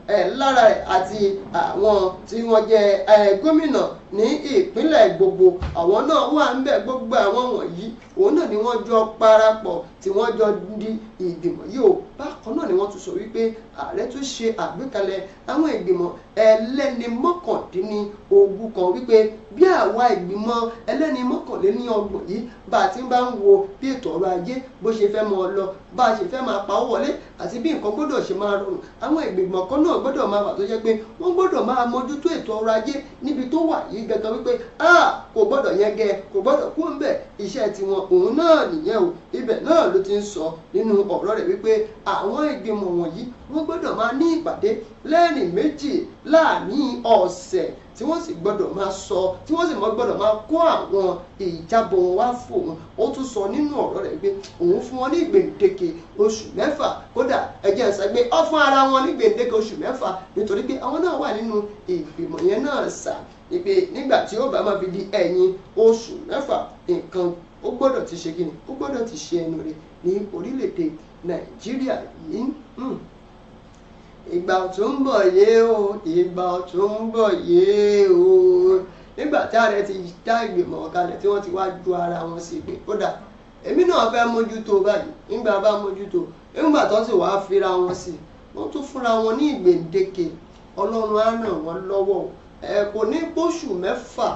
lára àti àwọn tí wọ́n jẹ́ gómìnà ní ìpínlẹ̀ gbogbo àwọn náà wà ń bẹ̀ gbogbo àwọn wọ̀nyí òun náà ni wọ́n jọ parapọ̀ tí wọ́n jọ di ìgbìmọ̀ yìí o bákan náà ni wọ́n tún sọ wípé ààrẹ tún ṣe àgbékalẹ̀ àwọn ìgbìmọ̀ ẹlẹ́ni mọ́kàndínní ogún kan wípé bí àwa ìgbìmọ̀ ẹlẹ́ni mọ́kànléní ọgbọ̀n yìí bá a ti bá ń wo bí ètò ọrọ̀ ajé bó ṣe fẹ́ máa lọ bá a ṣe fẹ́ máa pa owó wọlé àti bí nǹkan gbọ́dọ̀ ṣe máa rọrùn àwọn ìgbìmọ̀ kan náà gbọ́dọ̀ máa wà tó jẹ́ pé wọ́n gbọ́dọ̀ máa mójútó ètò ọrọ̀ ajé níbi tó wà yìí gangan wípé kò gbọ́dọ̀ yẹn gẹ kò gbọ́dọ̀ kú ń bẹ̀ iṣẹ́ tiwọn òun náà nìyẹn o ibẹ̀ náà ló ti ń sọ nínú ọ̀rọ̀ rẹ̀ wípé àwọn ìgbìmọ̀ wọ̀nyí wọ́n gbọ́dọ̀ máa ní ìpàdé lẹ́ẹ̀rìn méjì láàárín ọ̀sẹ̀ tí wọ́n sì gbọ́dọ̀ máa sọ tí wọ́n sì mọ́ gbọ́dọ̀ máa kó àwọn ìjábọ̀ wọn wá fún ó tún sọ nínú ọ̀rọ̀ rẹ̀ pé òun fún wọn ní gbèǹdéke oṣù mẹ́fà kódà ẹ̀jẹ̀ ẹ̀sẹ̀ pé ó fún ara wọn ní gbèǹdéke oṣù mẹ́fà nítorí pé àwọn náà wà nínú ìgbìmọ̀ yẹn náà sà pé nígbà tí ó bá máa fi di ẹ̀yìn oṣù mẹ́fà nǹkan ó gbọ́dọ̀ ti ṣe kí ni ó gbọ́dọ̀ ti ṣe ẹnu rẹ̀ ní orílẹ̀-èdè Nàìjíríà yìí hmm ìgbà tó ń bọ̀ yé o ìgbà tó ń bọ̀ yé o nígbà tí ààrẹ ti dá ìgbìmọ̀ kalẹ̀ tí wọ́n ti wá ju ara wọn sí pé kódà èmi náà fẹ́ mójútó báyìí nígbà bá mójútó nígbà tó sì wáá fira wọn sí wọ́n tún fúnra wọn ní ìgbèǹdeke ọlọ́run á ràn wọ́n lọ́wọ́ ẹ kò ní bóṣù mẹ́fà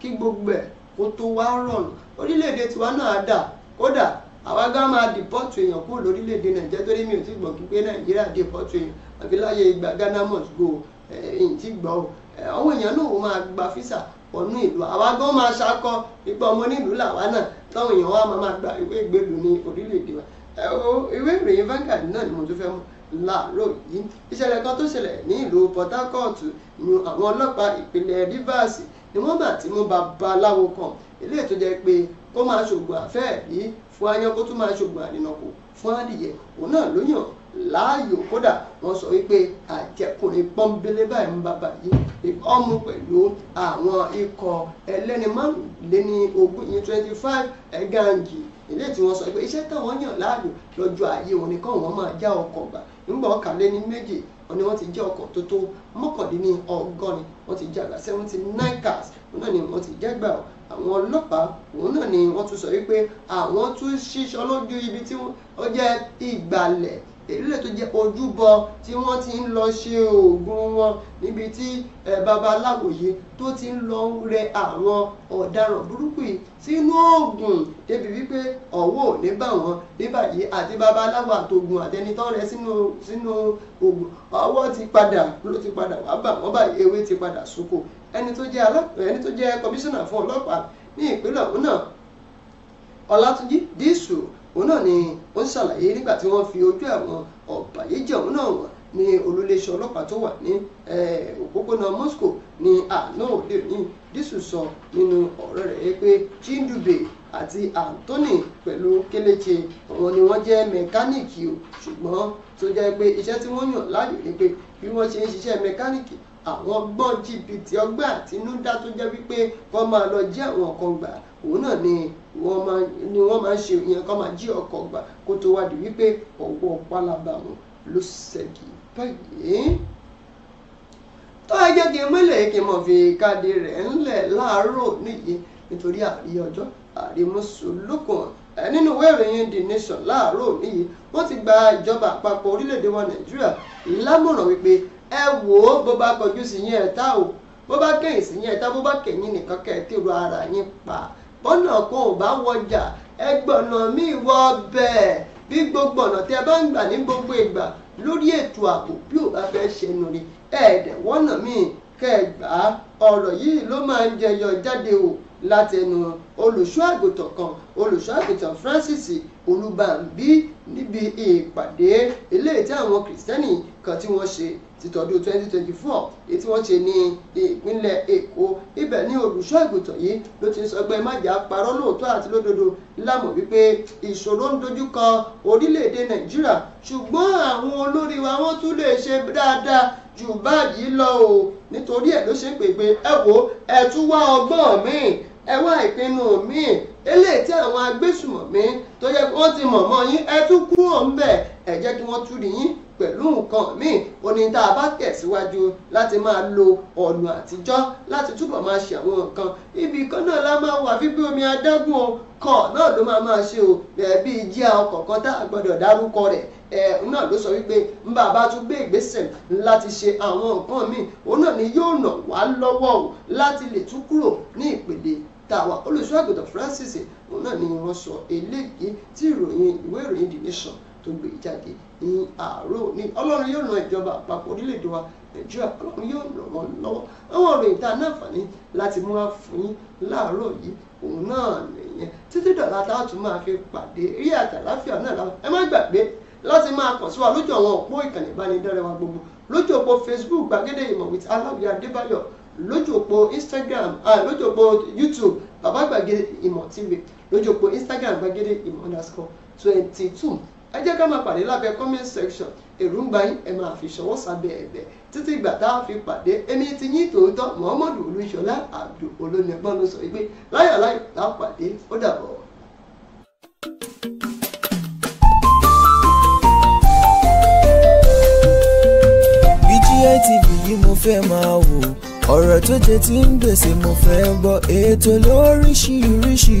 kí gbogbo ẹ̀ kó tó wá rọrùn orílẹ̀-èdè tiwa náà dà kódà àwa gá máa dìpọ́tù èèyàn kúrò lórílẹ̀-èdè nàìjíríà torí mi ò tí gbọ̀n pípé nàìjíríà dìpọ́tù èèyàn àfi láyé ìgbà Ghana must go ẹ̀yìn eh, tí gbọ́ ọ eh, àwọn èèyàn náà máa gba físà wọnú ìlú àwa gan máa ṣakọ ipa ọmọ onílùú làwa náà táwọn èèyàn wa máa gba ìwé ìgbélú ní orílẹ̀-èdè wa eh, ìwé ìròyìn Vanguard náà ni mo tún fẹ́ mú láàárọ̀ yìí ìṣẹ̀lẹ̀ kan tó ṣẹlẹ̀ ní ìlú Port Harcourt ni àwọn ọlọ́pàá ìpínlẹ̀ Rivers ni wọ́n bá ti mú babaláwo kan eléyìí tó jẹ́ pé kó máa ṣògùn àfẹ́ẹ̀rí fún ayán kó tún máa ṣògùn àdìnàkò fún adìyẹ òun náà ló láàyò kódà wọ́n sọ wípé àjẹkùnrin pọ́nbélé báyìí ń bàbá yìí ọmú pẹ̀lú àwọn ikọ̀ ẹlẹ́ni márùnléní ogún ìyẹn twenty five ẹ̀gànjì ilé tí wọ́n sọ pé iṣẹ́ táwọn yàn láàyò lọ́jọ́ ayé wọn ni kọ́ wọn máa já ọkọ̀ gbà nígbà ọkà lé ní méjì wọn ni wọ́n ti jẹ́ ọkọ̀ tó tó mọ́kàndínní ọgọ́rin wọ́n ti jẹ́ seventy nine cars wọn náà ni wọ́n ti jẹ́ gbà àwọn ọlọ́pàá òun náà ni wọ́n tún sọ wípé àwọn tún ṣíṣọ́ lójú ibi tí wọ́n jẹ́ ìgbàlẹ̀ èlé tó jẹ́ ojúbọ tí wọ́n ti ń lọ ṣe oògùn wọn níbi tí babaláwo yìí tó ti ń lọ rẹ àwọn ọ̀daràn burúkú yìí sínú oògùn débi wípé ọ̀wọ́ ò ní bà wọ́n ní báyìí àti babaláwo àtògùn àtẹni tó ń rẹ sínú oògùn ọwọ́ ti padà ló ti padà wá bà wọ́n báyìí ewé ti padà sóko ẹni tó jẹ́ kọmíṣánná fún ọlọ́pàá ní ìpínlẹ̀ ọ̀hún náà Ọlátúnjí Dísù òun náà ni wọ́n ṣàlàyé nígbà tí wọ́n fi ojú àwọn ọ̀bàyéjẹ́ òun náà wọ̀n ní olúléeṣẹ́ ọlọ́pàá tó wà ní òpópónà Moscow ní àná òde òní dísù sọ nínú ọ̀rọ̀ rẹ̀ pé Chindube àti Anthony pẹ̀lú Kelechi àwọn ni wọ́n jẹ́ mẹkáníìkì o ṣùgbọ́n tó jẹ́ pé iṣẹ́ tí wọ́n yàn láàyò ni pé bí wọ́n ṣe ń ṣiṣẹ́ mẹkáníìkì àwọn gbọ́n jìbìtì ọgbẹ́ àtinúdá tó jẹ́ wípé wọ́n máa lọ jí àwọn kan gbà á òun náà ni wọ́n máa ni wọ́n máa ń ṣe ìyẹn kọ́ máa jí ọkọ̀ gbà kó tó wá di wípé ọwọ́ pálábà wọn ló ṣẹ̀dí báyìí tó ẹ jẹ́ kí n mọ́lẹ̀ kí n mọ̀ fi káàdì rẹ̀ ńlẹ̀ láàárọ̀ níyì nítorí àrí ọjọ́ àrí mùsùlùkùn nínú ìwé ìròyìn the nation láàárọ̀ níyì wọ́n ti gba ìjọba àpapọ̀ orílẹ̀-èdè wa nàìjíríà lámọ̀ràn wípé ẹ wò ó bó bá kọjú sí yín ẹ̀ta o bó bá kẹ̀yìn sí yín ẹ̀ta bó bá kẹ̀yìn nìkan kẹ̀ ẹ́ tèrò ara yín pa bọ́nà kan ò bá wọjà ẹgbọ̀nà míì wọ bẹ́ẹ̀ bí gbogbo ọ̀nà tẹ bá ń gbà ní gbogbo ìgbà lórí ètò ààbò bí ò bá fẹ́ ṣe nu rí ẹ̀ẹ́dẹ̀ wọ́nà míì kẹgbà ọ̀rọ̀ yìí ló máa ń jẹyọ jáde o látẹnu olùṣọ́ àgùntàn kan olùṣọ́ àgùntàn Francis Olúbàǹbí níbi ìpàdé eléyìí tí àwọn kìrìsìtẹ́nì kan tí wọ́n ṣe ti tọdún 2024 èyí tí wọ́n ṣe ní ìpínlẹ̀ Èkó ibẹ̀ ní olùṣọ́ ìgùtàn yìí ló ti sọ pé má jà parọ́ lóòótọ́ àti lódodo lámọ̀ wípé ìṣòro ń dojú kọ orílẹ̀-èdè Nàìjíríà ṣùgbọ́n àwọn olórí wa wọ́n tún lè ṣe dáadáa jù báyìí lọ o nítorí ẹ̀ ló ṣe pé pé ẹ wo ẹ tún wá ọgbọ́n míì ẹ wá ìpinnu míì eléyìí tí àwọn agbésùmọ̀mí tó yẹ kí ti mọ̀ mọ́ yín ẹ tún kúrò ńbẹ̀ ẹ jẹ́ kí wọ́n tú nìyí pẹ̀lú nǹkan míì ó ní tá a bá tẹ̀síwájú láti máa lo ọ̀nà àtijọ́ láti túbọ̀ máa ṣe àwọn nǹkan ibì kan náà la máa wà fífi omi adágún o kọ̀ náà ló máa máa ṣe o bí jíà ọkọ̀ kan tá a gbọ́dọ̀ dárúkọ rẹ̀ ẹ náà ló sọ wípé bá a bá tún gbé ìgbésẹ̀ láti ṣe àwọn nǹkan míì òun náà ni yóò nà wá lọ́wọ́ o láti lè tún kúrò ní ìpele tàwa olùṣọ́ àgùntàn Francis òun náà ni wọ́n sọ eléyìí tí ìròyìn ìwé ìròyìn The Nation tó gbé jáde ní àárọ̀ ní ọlọ́run yóò ran ìjọba àpapọ̀ orílẹ̀-èdè wa nàìjíríà ọlọ́run yóò ràn wọ́n lọ́wọ́ àwọn ìròyìn tá a náǹfààní láti mú wá fún yín láàárọ̀ yìí òun náà nìyẹn títí dọ̀la tá a tún máa fi pàdé rí àtàláfíà náà láwọn ẹ má gbàgbé láti máa kàn sí wa lójú àwọn òpó ìkànnì ìbánidọ́rẹ̀ wa gbogbo lójú òpó facebook gbàgede ìmọ̀ with aláwìí adébáyọ̀ lójú òpó instagram ah lójú òpó youtube bàbá gbàgede ìmọ̀ tv lójú òpó instagram gbàgede ìmọ̀ underscore twenty two ẹ jẹ́ ká máa pàdé lábẹ́ comment section èròǹgbà yín ẹ máa fi ṣọwọ́ sábẹ́ ẹ̀bẹ̀ títí ìgbà tá a fi pàdé èmi ti yín tòótọ́ Muhammadu Olúṣọlá Abdul olónígbọ́n ló sọ wípé láyọ̀ tá a pàdé ó dàbọ̀.
BGI yìí mo fẹ́ máa wò ọ̀rọ̀ tó jẹ ti ń gbèsè mo fẹ́ gbọ́ ètò lóríṣiríṣi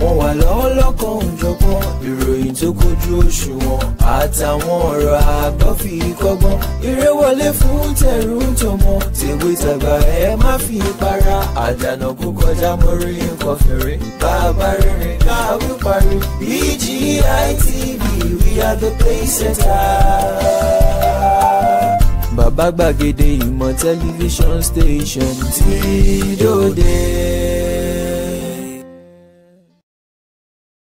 wọ́n wà lọ́wọ́ lọ́kàn òjọ̀gbọ́n ìròyìn tó kojú òṣùwọ̀n àtàwọn ọ̀rọ̀ àgbọ́ fi kọ́gbọ́n eré wọlé fún tẹ̀rù tọmọ tèwe tàgbà ẹ má fi para àdànà kó kọjá mọ́rí nǹkan fèrè bàbá rere káwé parí BGI we are the place setter bàbá gbàgede ìmọ̀ tẹlifíṣọ̀n station ti dòde.